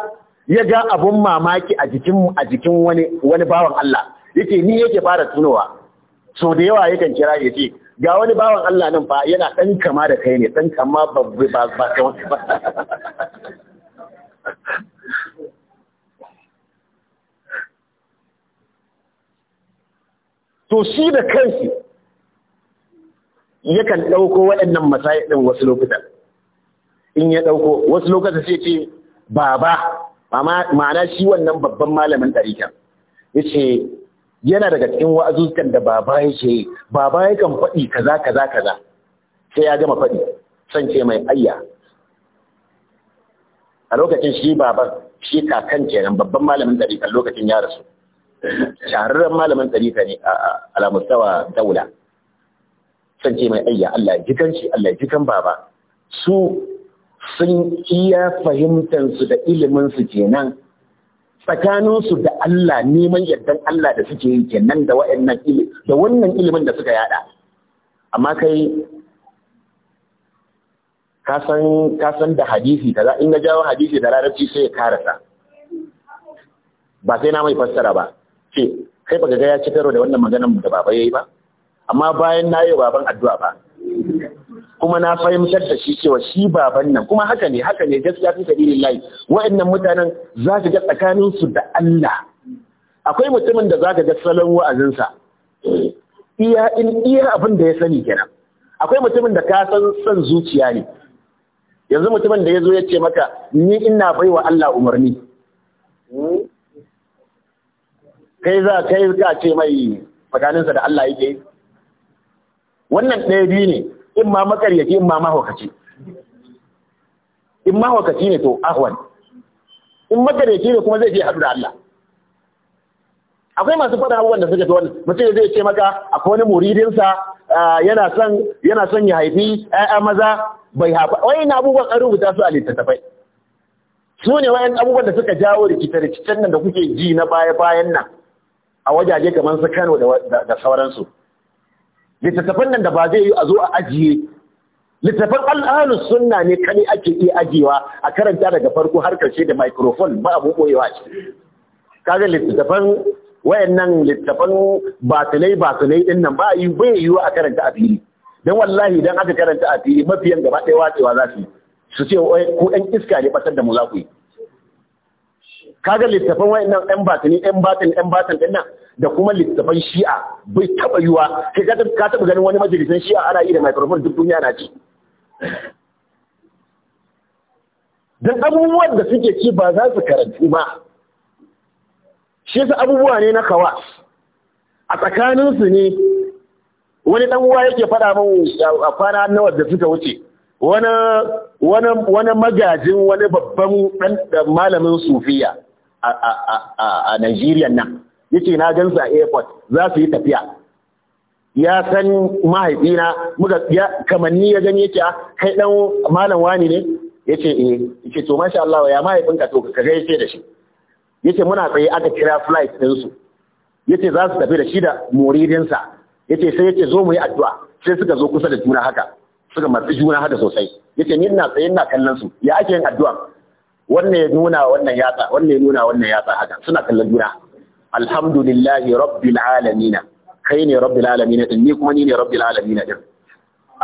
ya abun mamaki a jikin a jikin wani wani bawan Allah yake ni yake fara tunowa so da yawa yakan kira ya ce ga wani bawan Allah nan fa yana dan kama da kai ne dan kama ba ba ba to shi da kansa yakan ɗauko waɗannan masayar ɗin wasu lokutan in ya ɗauko wasu lokacin sai ce baba ma'ana shi wannan babban malamin ɗarikan ya ce yana daga cikin wa'azuzkan da baba ya ce baba ya kan faɗi kaza kaza kaza sai ya gama faɗi san ce mai ayya a lokacin shi baban shi kakan kenan babban malamin ɗarikan lokacin ya rasu shahararren malamin ɗarika ne a alamustawa daula san ce mai ayya Allah jikan shi Allah jikan baba su sun iya fahimtansu da iliminsu kenan tsakaninsu da Allah neman yardan Allah da suke yi kenan da wa'annan ilimin da wannan ilimin da suka yada amma kai kasan kasan da hadisi kaza in ga jawo hadisi da larabci sai ya karasa ba sai na mai fassara ba ce kai baka ga ya ci karo da wannan maganar da baba yayi ba amma bayan na yi baban addu'a ba kuma na fahimtar da shi cewa shi baban nan kuma haka ne haka ne gaskiya fi sabilillahi wa'annan mutanen za ka ga tsakanin su da Allah akwai mutumin da za ka ga salon wa'azinsa iya in iya abin da ya sani kenan akwai mutumin da ka san san zuciya ne yanzu mutumin da ya zo ya ce maka ni ina baiwa Allah umarni kai za kai ka ce mai tsakaninsa da Allah yake wannan ɗaya biyu ne in ma makaryaci in ma mahaukaci in mahaukaci ne to ahwan in makaryaci ne kuma zai je haɗu da Allah akwai masu faɗa abubuwan da suka fi wani mutum zai ce maka akwai wani muridinsa yana son yana son ya haifi ƴaƴa maza bai haifa wai ina abubuwan an rubuta su a littattafai su ne wayan abubuwan da suka jawo rikice-rikicen nan da kuke ji na baya-bayan nan a wajaje kamar su Kano da sauransu littattafan nan da ba zai yi a zo a ajiye littattafan al'adun sunna ne kani ake iya ajiyewa a karanta daga farko har karshe da microphone ba abu boyewa ce kaga littattafan wayannan littattafan batulai batulai din nan ba yi bai yiwu a karanta a fili dan wallahi idan aka karanta a fili mafiyan gaba ɗaya watsewa za su su ce ko ɗan iska ne ɓatar da mu za ku yi kaga littafan wayannan ɗan batini ɗan batin ɗan batin ɗin nan da kuma littafan shi'a bai taɓa yiwa kai ka taɓa ganin wani majalisan shi'a ana yi da microphone duk duniya na ji don abubuwan da suke ci ba za su karantu ba shi yasa abubuwa ne na kawa a tsakaninsu ne wani dan uwa yake faɗa min a kwana nawa da suka wuce wani magajin wani babban malamin sufiya a Najeriya nan yace na gan su a airport za su yi tafiya ya san mahaifina muka ya kamanni ya gani yake ah, kai dan malam wani ne yace eh yace to masha Allah ya mahaifin ka to ka ce da shi yace muna tsaye aka kira flight din su yace za su tafi da shi da muridinsa yace sai yace zo mu yi addu'a sai suka zo kusa da juna haka suka matsi juna haka sosai yace ni ina tsaye ina kallon su ya ake yin addu'a wannan ya nuna wannan yatsa wannan ya nuna wannan yatsa haka suna kallon juna alhamdulillahi rabbil alamin kai ne rabbil alamin din ni kuma ni ne rabbil alamin din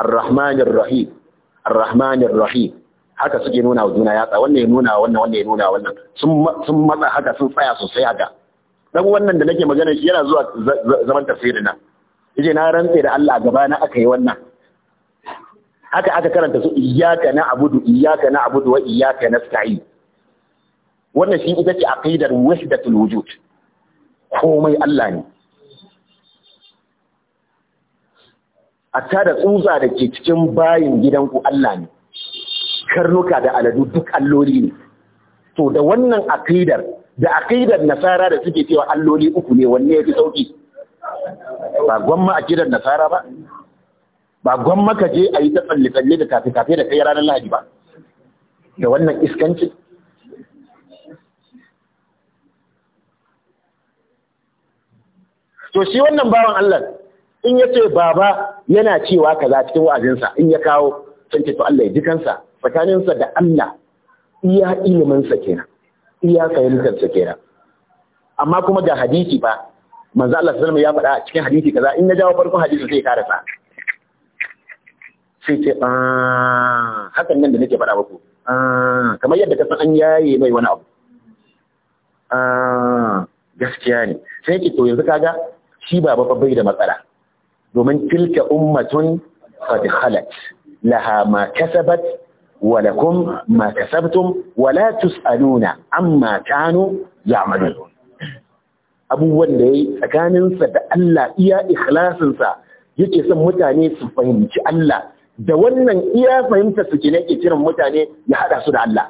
arrahmanir rahim arrahmanir rahim haka suke nuna wa juna yatsa wannan ya nuna wannan wannan ya nuna wannan sun sun matsa haka sun tsaya sosai haka dan wannan da nake magana shi yana zuwa zaman tafsirin nan yace na rantse da Allah gaba na aka yi wannan haka aka karanta su iyyaka na'budu iyyaka abudu wa iyyaka nasta'in wannan shi ita ce aqidar wahdatul wujud komai Allah ne A da tsutsa da ke cikin bayin gidanku Allah ne karnuka da aladu duk alloli ne to da wannan aqidar da aqidar nasara da suke cewa alloli uku ne wanne yafi sauki ba gwamma aqidar nasara ba ba gwamma ka je ayi ta tsalle tsalle da kafi kafi da kai ranar Lahadi ba da wannan iskanci to shi wannan bawan Allah in ya ce baba yana cewa kaza cikin wa'azinsa in ya kawo can ce to Allah ya ji kansa tsakaninsa da Allah iya sa kenan iya sa kenan amma kuma da hadisi ba manzo Allah sallallahu alaihi wasallam ya faɗa cikin hadisi kaza in na jawo farkon hadisi sai karasa sai ce ah hakan nan da nake faɗa muku ah kamar yadda ka san an yaye mai wani abu ah gaskiya ne sai yake to yanzu kaga shi ba ba bai da matsala domin tilka ummatun qad khalat laha ma kasabat wa lakum ma kasabtum wa la tusaluna amma kanu ya'malun abubuwan da yayi tsakaninsa da Allah iya sa yake son mutane su fahimci Allah da wannan iya fahimta su ne ke kiran mutane ya hada su da Allah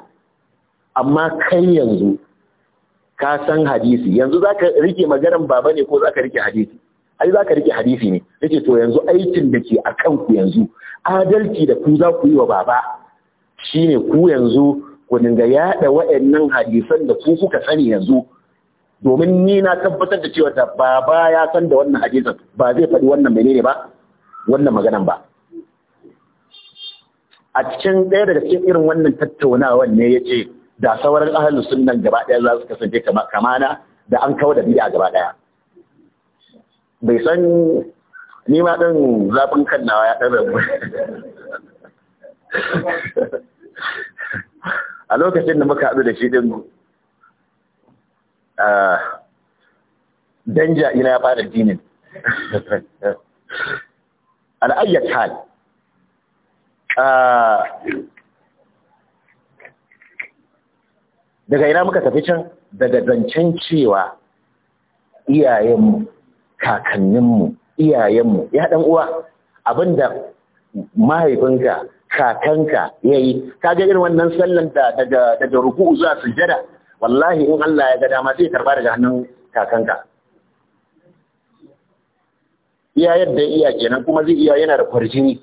amma kai yanzu ka san hadisi yanzu za ka rike maganan baba ne ko za ka rike hadisi ai ka rike hadisi ne yace to yanzu aikin da ke akan ku yanzu adalci da ku za ku yi wa baba shine ku yanzu ku dinga yada wa'annan hadisan da ku kuka sani yanzu domin ni na tabbatar da cewa da baba ya san da wannan hadisan. ba zai faɗi wannan menene ba wannan maganan ba a cikin ɗaya daga cikin irin wannan tattaunawan ne ya ce da sauran ahalin sunan gaba ɗaya za su kasance kamana da an kawo da bid'a gaba ɗaya. bai san ni ma zafin kan nawa ya ɗan rabu a lokacin da muka haɗu da shi ɗin danja ina ya fara dinin al'ayyar hal daga ina muka tafi can daga zancen cewa iyayenmu kakanninmu iyayenmu ya dan uwa abinda mahaifinka kakanka ya yayi kaga irin wannan sallan da daga daga ruku'u zuwa sujjada wallahi in Allah ya ga dama sai karba daga hannun kakanka iya yadda iya kenan kuma zai iya yana da kwarjini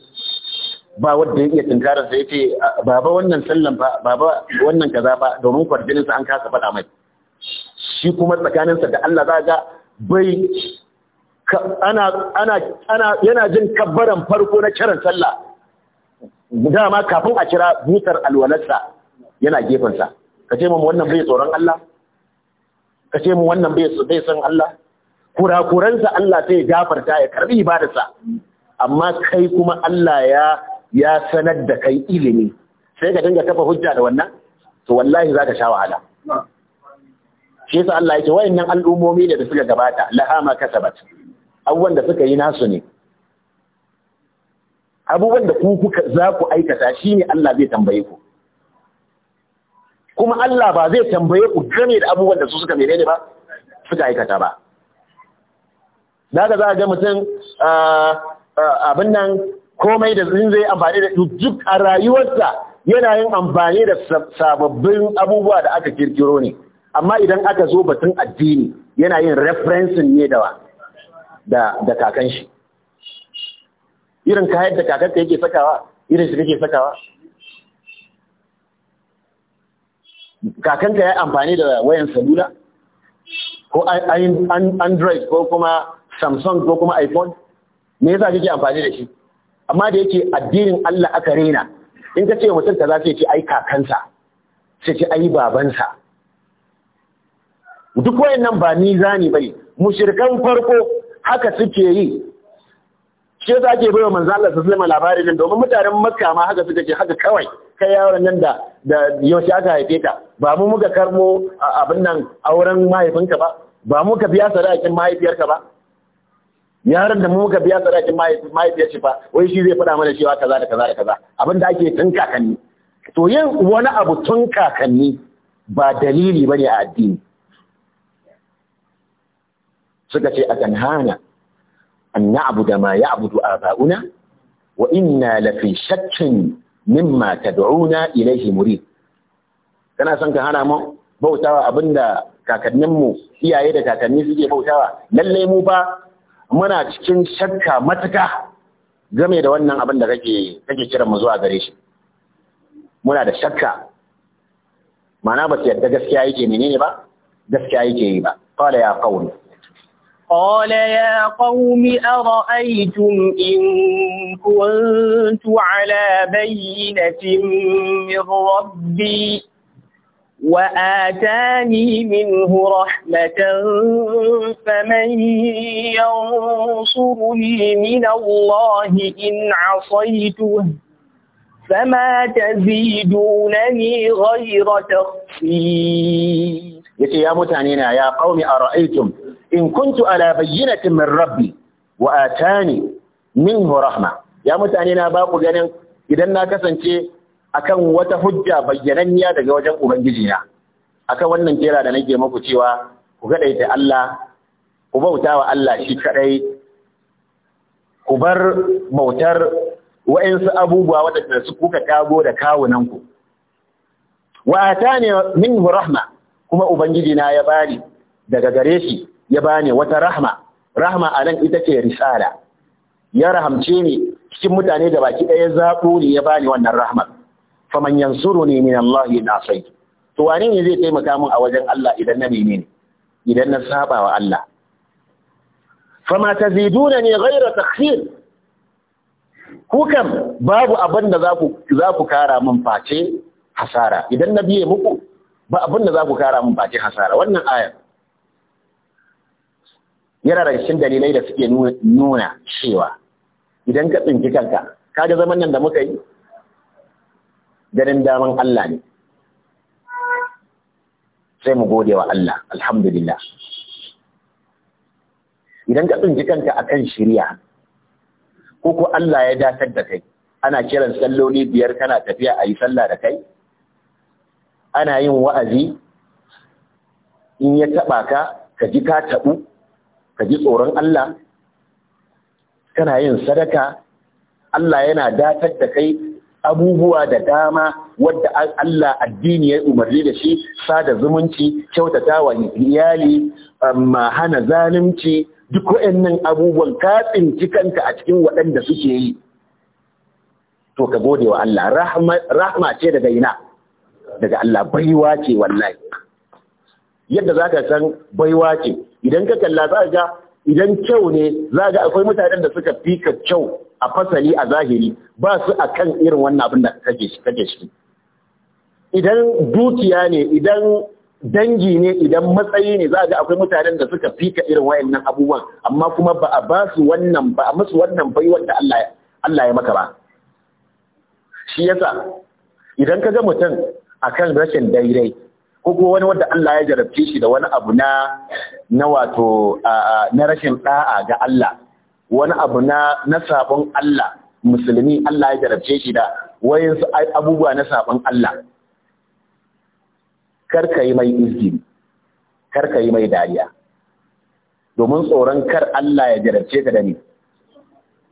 ba wanda ya iya tunkarar sai ce baba wannan sallan ba baba wannan kaza ba domin kwarjinin sa an kasa faɗa mai shi kuma tsakaninsa da Allah za ga bai ana ana ana yana jin kabbaran farko na kiran sallah dama kafin a kira butar alwalarsa yana gefensa ka ce mu wannan bai tsoron Allah ka ce mu wannan bai bai san Allah kurakuransa Allah sai ya gafarta ya karbi ibadarsa amma kai kuma Allah ya ya sanar da kai ilimi sai ka dinga kafa hujja da wannan to wallahi za ka sha wahala shi yasa Allah yake wayannan al'ummomi da suka gabata laha ma kasabat abubuwan da suka yi nasu ne abubuwan da ku kuka za ku aikata shine Allah zai tambaye ku kuma Allah ba zai tambaye ku game da abubuwan da su suka menene ba suka aikata ba daga za ga mutum ah, ah, abin nan komai da zin zai amfani da duk a rayuwarsa yana yin amfani da sababbin abubuwa da aka kirkiro ne amma idan aka zo batun addini yana yin referencing ne da da kakan shi irin kayan da kakanka yake sakawa irin shi kake sakawa ka ya amfani da wayan salula ko android ko kuma samsung ko kuma iphone me yasa kake amfani da shi amma da yake addinin Allah aka rena in ka ce mutum kaza sai ce ai kakansa sai ce ai babansa duk wayannan ba ni zani bane mushrikan farko haka suke yi shi yasa ake bayar manzo Allah sallallahu alaihi labarin nan domin mutanen Makka ma haka suka ce haka kawai kai yaron nan da da yaushe aka haife ka ba mu muka karmo abin nan auren mahaifinka ba ba mu ka biya sadakin mahaifiyarka ba yaran da muka biya sadakin mahaifiyar ce fa wai shi zai faɗa mana cewa kaza da kaza da kaza abin da ake tun kakanni to yin wani abu tun kakanni ba dalili bane a addini suka ce akan hana an na'budu ma ya'budu aba'una wa inna la fi shakkin mimma tad'una ilayhi murid kana son ka hana mu bautawa abinda kakanninmu iyaye da kakanni suke bautawa lalle mu ba muna cikin shakka matuka game da wannan abin da kake kake kiran mu zuwa gare shi muna da shakka ma'ana ba su yadda gaskiya yake menene ba gaskiya yake yi ba qala ya qaumi قال يا قوم أرأيتم إن كنت على بينة من ربي وآتاني منه رحمة فمن ينصرني من الله إن عصيته فما تزيدونني غير تخسير يتي يا متانينا يا قوم أرأيتم إن كنت على بينة من ربي وآتاني منه رحمة يا متانينا باقو جنين إذا كسنتي akan wata hujja bayyananniya daga wajen ubangiji na akan wannan kira da nake muku cewa ku gadaita Allah ku bauta wa Allah shi kadai ku bar bautar wa'insu abubuwa waɗanda su kuka kago da kawunanku wa atani minhu rahma kuma ubangiji na ya bani daga gare shi ya bani wata rahma rahma anan ita ce risala ya rahamce ni cikin mutane da baki ɗaya zaɓo ne ya bani wannan rahmar faman yansuruni min Allah na sai to wane ne zai taimaka min a wajen Allah idan na nemi ne idan na saba wa Allah fama ne, ghayra ta ku kukan babu abin da za ku kara min face hasara idan na biye muku ba abin da za ku kara min face hasara wannan ayar yana da cikin dalilai da suke nuna cewa idan ka tsinci kanka kaga zaman nan da muka yi ganin daman Allah ne sai mu gode wa Allah alhamdulillah idan ka tsinci kanka akan shirya ko ko Allah ya datar da kai ana kiran salloli biyar kana tafiya a yi sallah da kai ana yin wa'azi in ya taba ka ka ji ka taɓu ka ji tsoron Allah kana yin sadaka Allah yana datar da kai abubuwa da dama wadda Allah addini ya umarni da shi sada zumunci kyautata wa iyali amma hana zalunci duk waɗannan abubuwan ka tsinci kanka a cikin waɗanda suke yi to ka gode wa Allah rahma ce daga ina daga Allah baiwa ce wallahi yadda za ka san baiwa ce idan ka kalla za ga idan kyau ne za ga akwai mutanen da suka fi ka kyau a fasali a zahiri ba su a kan irin wannan abin da kake shi idan dukiya ne idan dangi ne idan matsayi ne za ga akwai mutanen da suka fika irin wayannan abubuwan amma kuma ba a ba su wannan ba a musu wannan baiwar da Allah Allah ya maka ba shi yasa idan ka ga mutum akan rashin daidai ko kuma wani wanda Allah ya jarabce shi da wani abu na na wato na rashin ɗa'a ga Allah wani abu na na sabon Allah musulmi Allah ya jarabce shi da wayansu abubuwa na sabon Allah karka yi mai izgin karka yi mai dariya domin tsoron kar Allah ya jarabce ka da ni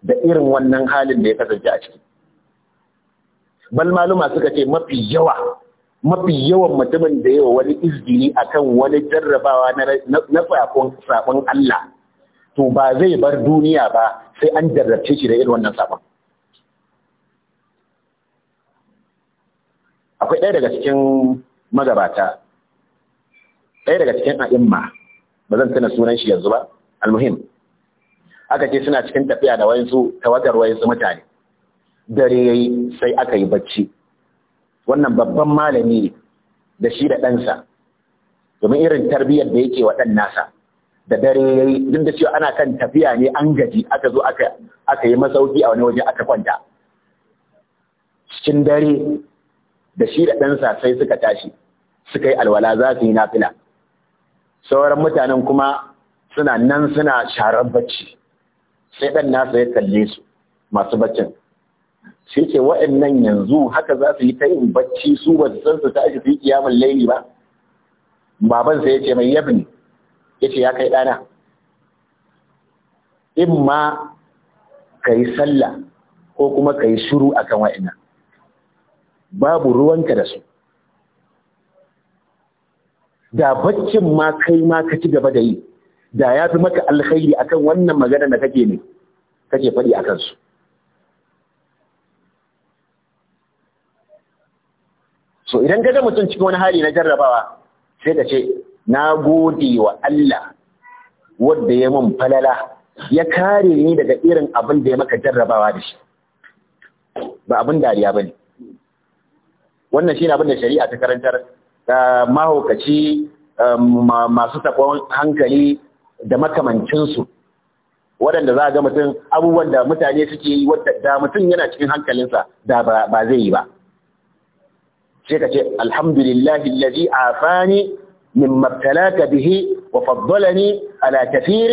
da irin wannan halin da ya kasance a ciki bal maluma suka ce mafi yawa mafi yawan mutumin da yawa wani izgini akan wani jarrabawa na sabon Allah to ba zai bar duniya ba sai an jarrabce shi da irin wannan sabon akwai ɗaya daga cikin magabata ɗaya daga cikin a'imma ba zan tana sunan shi yanzu ba almuhim aka ce suna cikin tafiya da wayansu tawagar wayansu mutane dare yayi sai aka yi bacci wannan babban malami ne da shi da ɗansa domin irin tarbiyyar da yake wa ɗan nasa da dare yi, duk da cewa ana kan tafiya ne an gaji aka zo aka yi masauki a wani waje aka kwanta cikin dare da shi da ɗansa sai suka tashi suka yi alwala za su yi nafila sauran mutanen kuma suna nan suna sharar bacci sai ɗan nasa ya kalle su masu baccin Shi ke wa'annan yanzu haka za su yi ta yin bacci su ba su san su tashi su yi kiyamun laili ba baban sai ya ce mai yabni ya ce ya kai ɗana in ma ka yi sallah ko kuma ka yi shuru a kan wa'ina babu ruwanka da su da baccin ma kai ma ka ci gaba da yi da ya fi maka alkhairi akan wannan magana da kake ne kake faɗi a kansu so idan ga mutum cikin wani hali na jarrabawa sai ka ce na gode wa Allah wadda ya mun falala ya kare ni daga irin abin da ya maka jarrabawa da shi ba abin dariya ba ne wannan shi ne abin da shari'a ta karantar mahaukaci um, masu takwan hankali da makamancinsu waɗanda za a ga mutum abubuwan da mutane suke yi da mutum yana cikin hankalinsa da ba zai yi ba sai ka ce alhamdulillahi lazi afani مما ابتلاك به وفضلني على كثير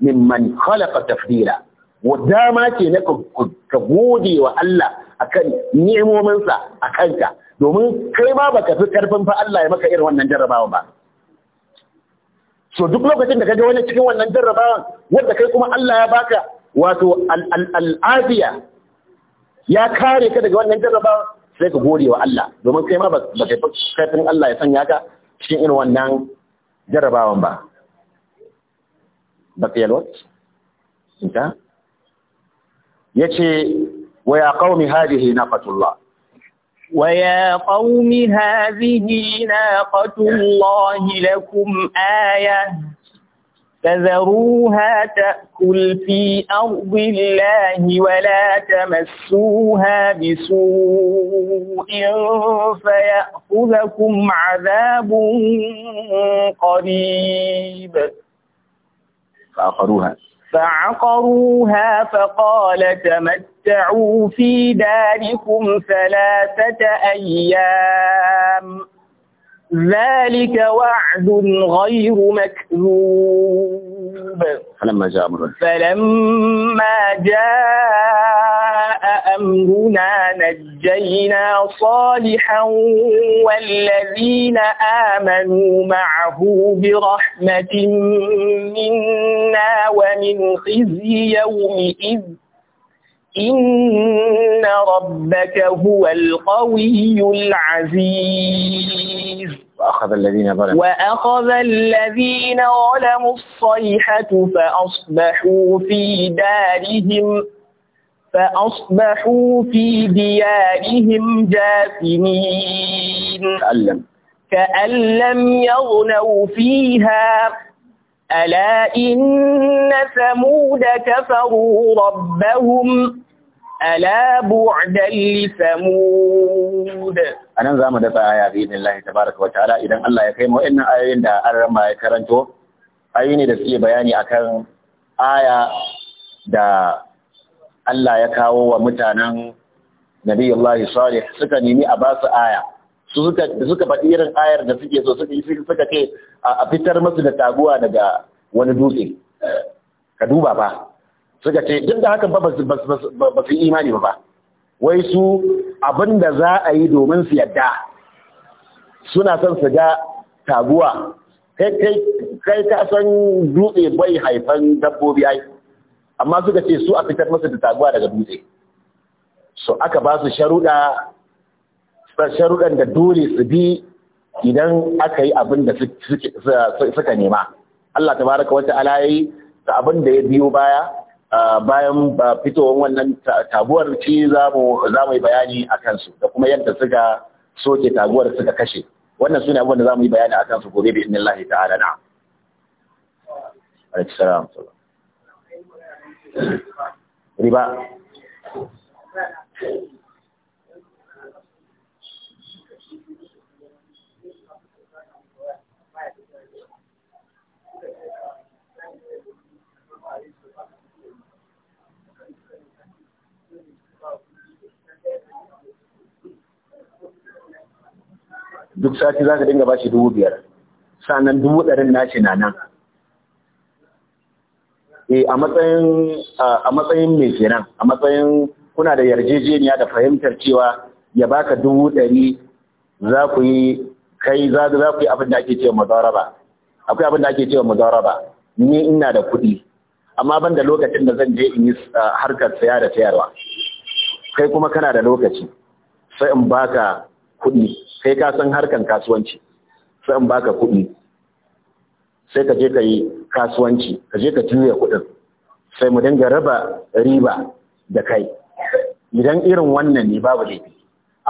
ممن خلق تفضيلا ودama ce na ka gode wa Allah akan ni'imominsa a kanka domin kai ma baka fi karfin fa Allah ya maka irin wannan jarrabawa ba so duk lokacin da ka wani cikin wannan jarrabawan wanda kai kuma Allah ya baka wato al'afiya ya kare ka daga wannan jarrabawa sai ka gode wa Allah domin kai ma baka fi karfin Allah ya sanya ka cikin in wannan jarabawan ba bakiyalot inda ya ce wa ya ƙaumi hadihi na fatullah wa ya ƙaumi hadihi na fatullahi lakum ayah فذروها تأكل في أرض الله ولا تمسوها بسوء فيأخذكم عذاب قريب فعقروها فعقروها فقال تمتعوا في داركم ثلاثة أيام ذلك وعد غير مكذوب فلما جاء أمرنا فلما جاء أمرنا نجينا صالحا والذين آمنوا معه برحمة منا ومن خزي يومئذ إن ربك هو القوي العزيز وأخذ الذين ظلموا وأخذ الذين ظلموا الصيحة فأصبحوا في دارهم فأصبحوا في ديارهم جاثمين كأن لم يغنوا فيها ألا إن ثمود كفروا ربهم ألا بعدا لثمود أنا زام دفع آية بإذن الله تبارك وتعالى إذا الله يكيم وإن آيين دا أرما يكرنتو آيين دا سي بياني أكن آية دا الله يكاو ومتانا نبي الله صالح سكنيني أباس آية su suka suka faɗi irin ayar da suke so suka suka ce a fitar musu da taguwa daga wani dutse ka duba ba suka ce duk da haka ba ba su imani ba wai su abin da za a yi domin su yadda suna son su ga taguwa kai ka san dutse bai haifan dabbobi ai amma suka ce su a fitar masu da taguwa daga dutse so aka ba su sharuɗa sharuɗan da dole su bi idan aka yi abin da suka nema Allah ta baraka wata yayi ta abin da ya biyo baya bayan fitowar wannan taguwar ce za mu yi bayani a kansu da kuma yadda suka soke taguwar suka kashe wannan suna abin da za mu yi bayani a kansu gobe bi idnillah ta'ala na riba duk sati za ka dinga ba shi dubu biyar sannan dubu ɗarin nashi na nan eh, a matsayin a matsayin mai kenan a matsayin kuna da yarjejeniya da fahimtar cewa ya baka dubu ɗari za ku yi kai za ku yi abin da ake cewa mudaraba akwai abin da ake cewa mudaraba ni ina da kuɗi amma ban da lokacin da zan je in yi harkar saya da sayarwa kai kuma kana da lokaci sai in baka kuɗi sai ka san harkan kasuwanci sai in baka kuɗi sai ka je ka yi kasuwanci ka je ka juya kuɗin sai mu dinga raba riba da kai idan irin wannan ne babu laifi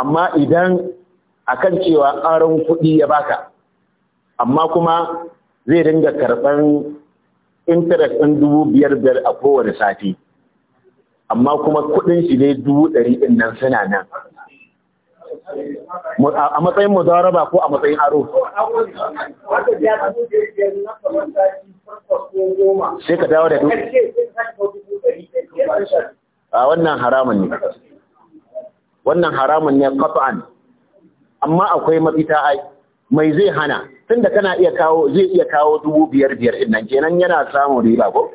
amma idan akan cewa aron kuɗi ya baka amma kuma zai dinga karɓan interest ɗin dubu biyar biyar a kowane sati amma kuma kuɗin shi ne dubu ɗari ɗin nan suna nan a matsayin mudaraba ko a matsayin aro sai ka dawo da duk a wannan haramun ne wannan haramun ne kafa'an. amma akwai mafita ai mai zai hana tunda kana iya kawo zai iya kawo dubu biyar biyar din nan kenan yana samun riba ko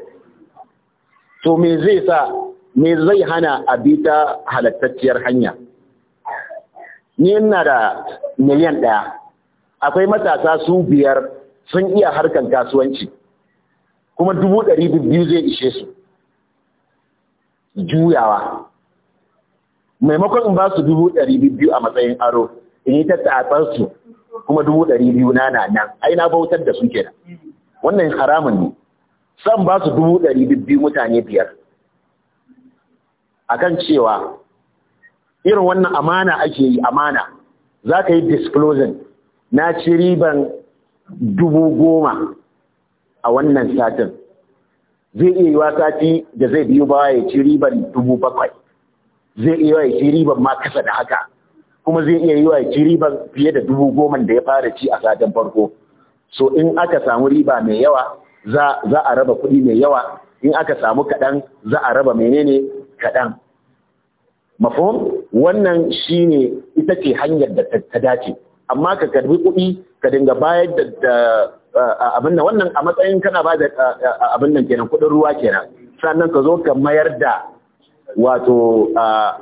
to me zai sa me zai hana a bita halattacciyar hanya ni ina da miliyan ɗaya akwai matasa su biyar sun iya harkar kasuwanci kuma dubu ɗari biyu zai ishe su juyawa maimakon in ba su dubu ɗari biyu a matsayin aro in yi ta kuma dubu ɗari biyu na na nan ai bautar da su kenan wannan haramun ne san ba su dubu ɗari biyu mutane biyar akan cewa irin wannan amana ake yi amana za ka yi disclosing na ci riban dubu goma a wannan satin zai iya yiwa sati da zai biyu ba ya ci riban dubu bakwai zai iya ya ci riban ma kasa da haka kuma zai iya wa ya ci riban fiye da dubu goma da ya fara ci a satin farko so in aka samu riba mai yawa za a raba kuɗi mai yawa in aka samu kaɗan za a raba menene kaɗan mafhum wannan shine ita ce hanyar da ta dace amma ka karbi kuɗi ka dinga bayar da abin nan wannan a matsayin kana ba da abin nan kenan kuɗin ruwa kenan sannan ka zo ka mayar da wato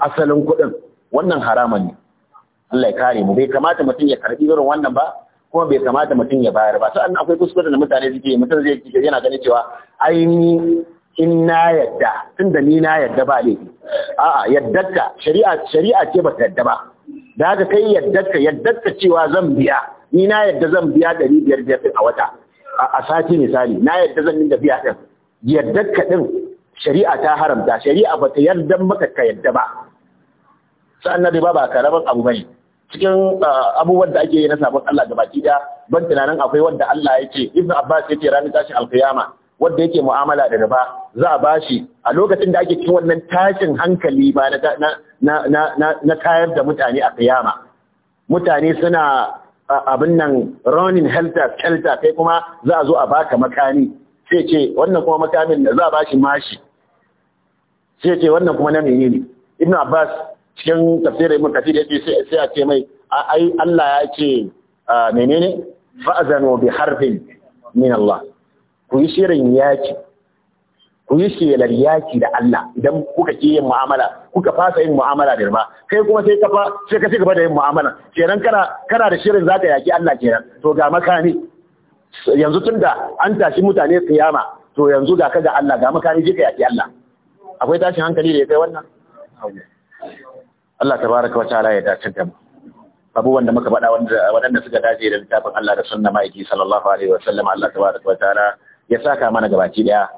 asalin kuɗin wannan haramun ne Allah ya kare mu bai kamata mutum ya karbi irin wannan ba kuma bai kamata mutum ya bayar ba sa'an akwai kuskure da mutane suke mutum zai yana ganin cewa ai in na yadda tunda ni na yadda ba laifi a'a yaddarka shari'a shari'a ce ba ta yadda ba da haka kai yaddarka yaddarka cewa zan biya ni na yadda zan biya ɗari biyar biyar a wata a sati misali na yadda zan dinga biya Yadda yaddarka ɗin shari'a ta haramta shari'a ba ta yadda maka ka yadda ba sa'an riba ba karamin abu bane cikin abubuwan da ake yi na sabon Allah da baki da ban tunanin akwai wanda Allah ya ibnu Abbas yake ce ranar tashin alkiyama wanda yake mu'amala da riba za a bashi a lokacin da ake cikin wannan tashin hankali ba na tayar da mutane a kiyama mutane suna abin nan running helter shelter kai kuma za a zo a baka makami sai ce wannan kuma makamin da za a bashi mashi sai ce wannan kuma na menene ibnu abbas cikin tafsirin ibnu kathir yace sai sai a ce mai ai Allah ya ce menene fa'zanu bi harfin min Allah ku yi shirin yaki ku yi shelar yaki da Allah idan kuka ke yin mu'amala kuka fasa yin mu'amala da ba kai kuma sai ka sai ka cigaba da yin mu'amala kenan kana kana da shirin zaka yaki Allah kenan to ga makani yanzu tunda an tashi mutane kiyama to yanzu ga kaga Allah ga makani je ka yaki Allah akwai tashin hankali da ya kai wannan Allah tabaraka wa ta'ala ya dace da mu abubuwan da muka faɗa wanda waɗanda suka dace da littafin Allah da sunna ma'aiki sallallahu alaihi wa sallam Allah tabaraka wa ta'ala ya saka mana gabaci daya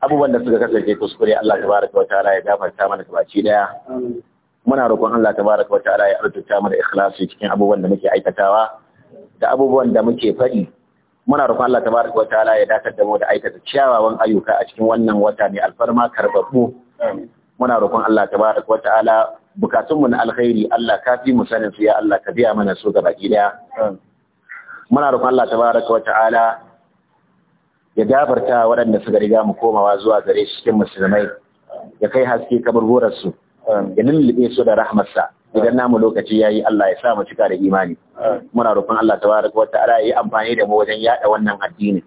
abubuwan da suka kasance kuskure Allah tabaraka wa ta'ala ya gafarta mana gabaci daya muna roƙon Allah tabaraka wa ta'ala ya arzuta mana ikhlasi cikin abubuwan da muke aikatawa da abubuwan da muke faɗi muna roƙon Allah tabaraka wa ta'ala ya dakatar da mu da aikata ciyawawan ayyuka a cikin wannan wata mai alfarma karbabbu muna roƙon Allah tabaraka wa ta'ala mu na alkhairi Allah ka fi mu sanin su ya Allah ka biya mana su gabaki daya muna roƙon Allah tabaraka wa ta'ala ya gafarta waɗanda suka riga mu komawa zuwa gare shi cikin musulmai ya kai haske kamar gorarsu ya lullube su da rahmarsa idan namu lokaci yayi Allah ya sa mu cika da imani muna roƙon Allah tabaraka wa ta'ala yi amfani da mu wajen yada wannan addini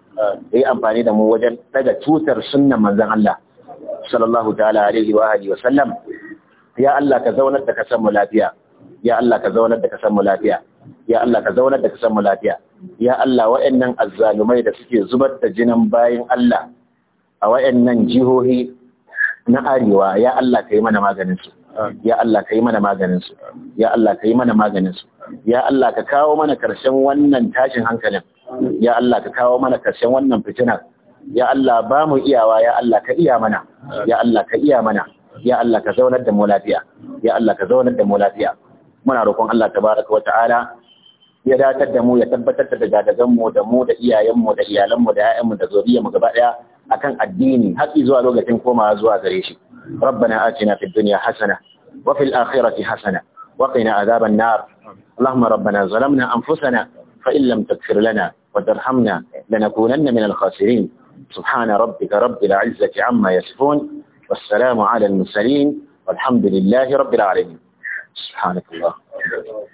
yi amfani da mu wajen daga tutar sunnan manzon Allah sallallahu ta'ala alaihi wa alihi wa sallam ya Allah ka zaunar da ka san mu lafiya ya Allah ka zaunar da ka san mu lafiya ya Allah ka zaunar da kasan mu lafiya ya Allah waɗannan azzalumai da suke zubar da jinan bayin Allah a waɗannan jihohi na arewa ya Allah ka yi mana maganin su ya Allah ka yi mana maganin su ya Allah ka yi mana maganin su ya Allah ka kawo mana karshen wannan tashin hankalin ya Allah ka kawo mana karshen wannan fitinar ya Allah ba mu iyawa ya Allah ka iya mana ya Allah ka iya mana ya Allah ka zaunar da mu lafiya ya Allah ka zaunar da mu lafiya muna roƙon Allah tabaraka wa ta'ala ya datar da mu ya tabbatar da gagagan mu da mu da iyayen mu da iyalan mu da ƴaƴan mu da zuriyar mu gaba daya akan addini har zuwa lokacin komawa zuwa gare shi rabbana atina fid dunya hasana wa fil akhirati hasana wa qina الآخرة nar allahumma rabbana zalamna anfusana fa in lam taghfir lana wa tarhamna lanakunanna min al khasirin سبحان ربك رب العزة عما يصفون والسلام على المرسلين والحمد لله رب العالمين سبحانك اللهم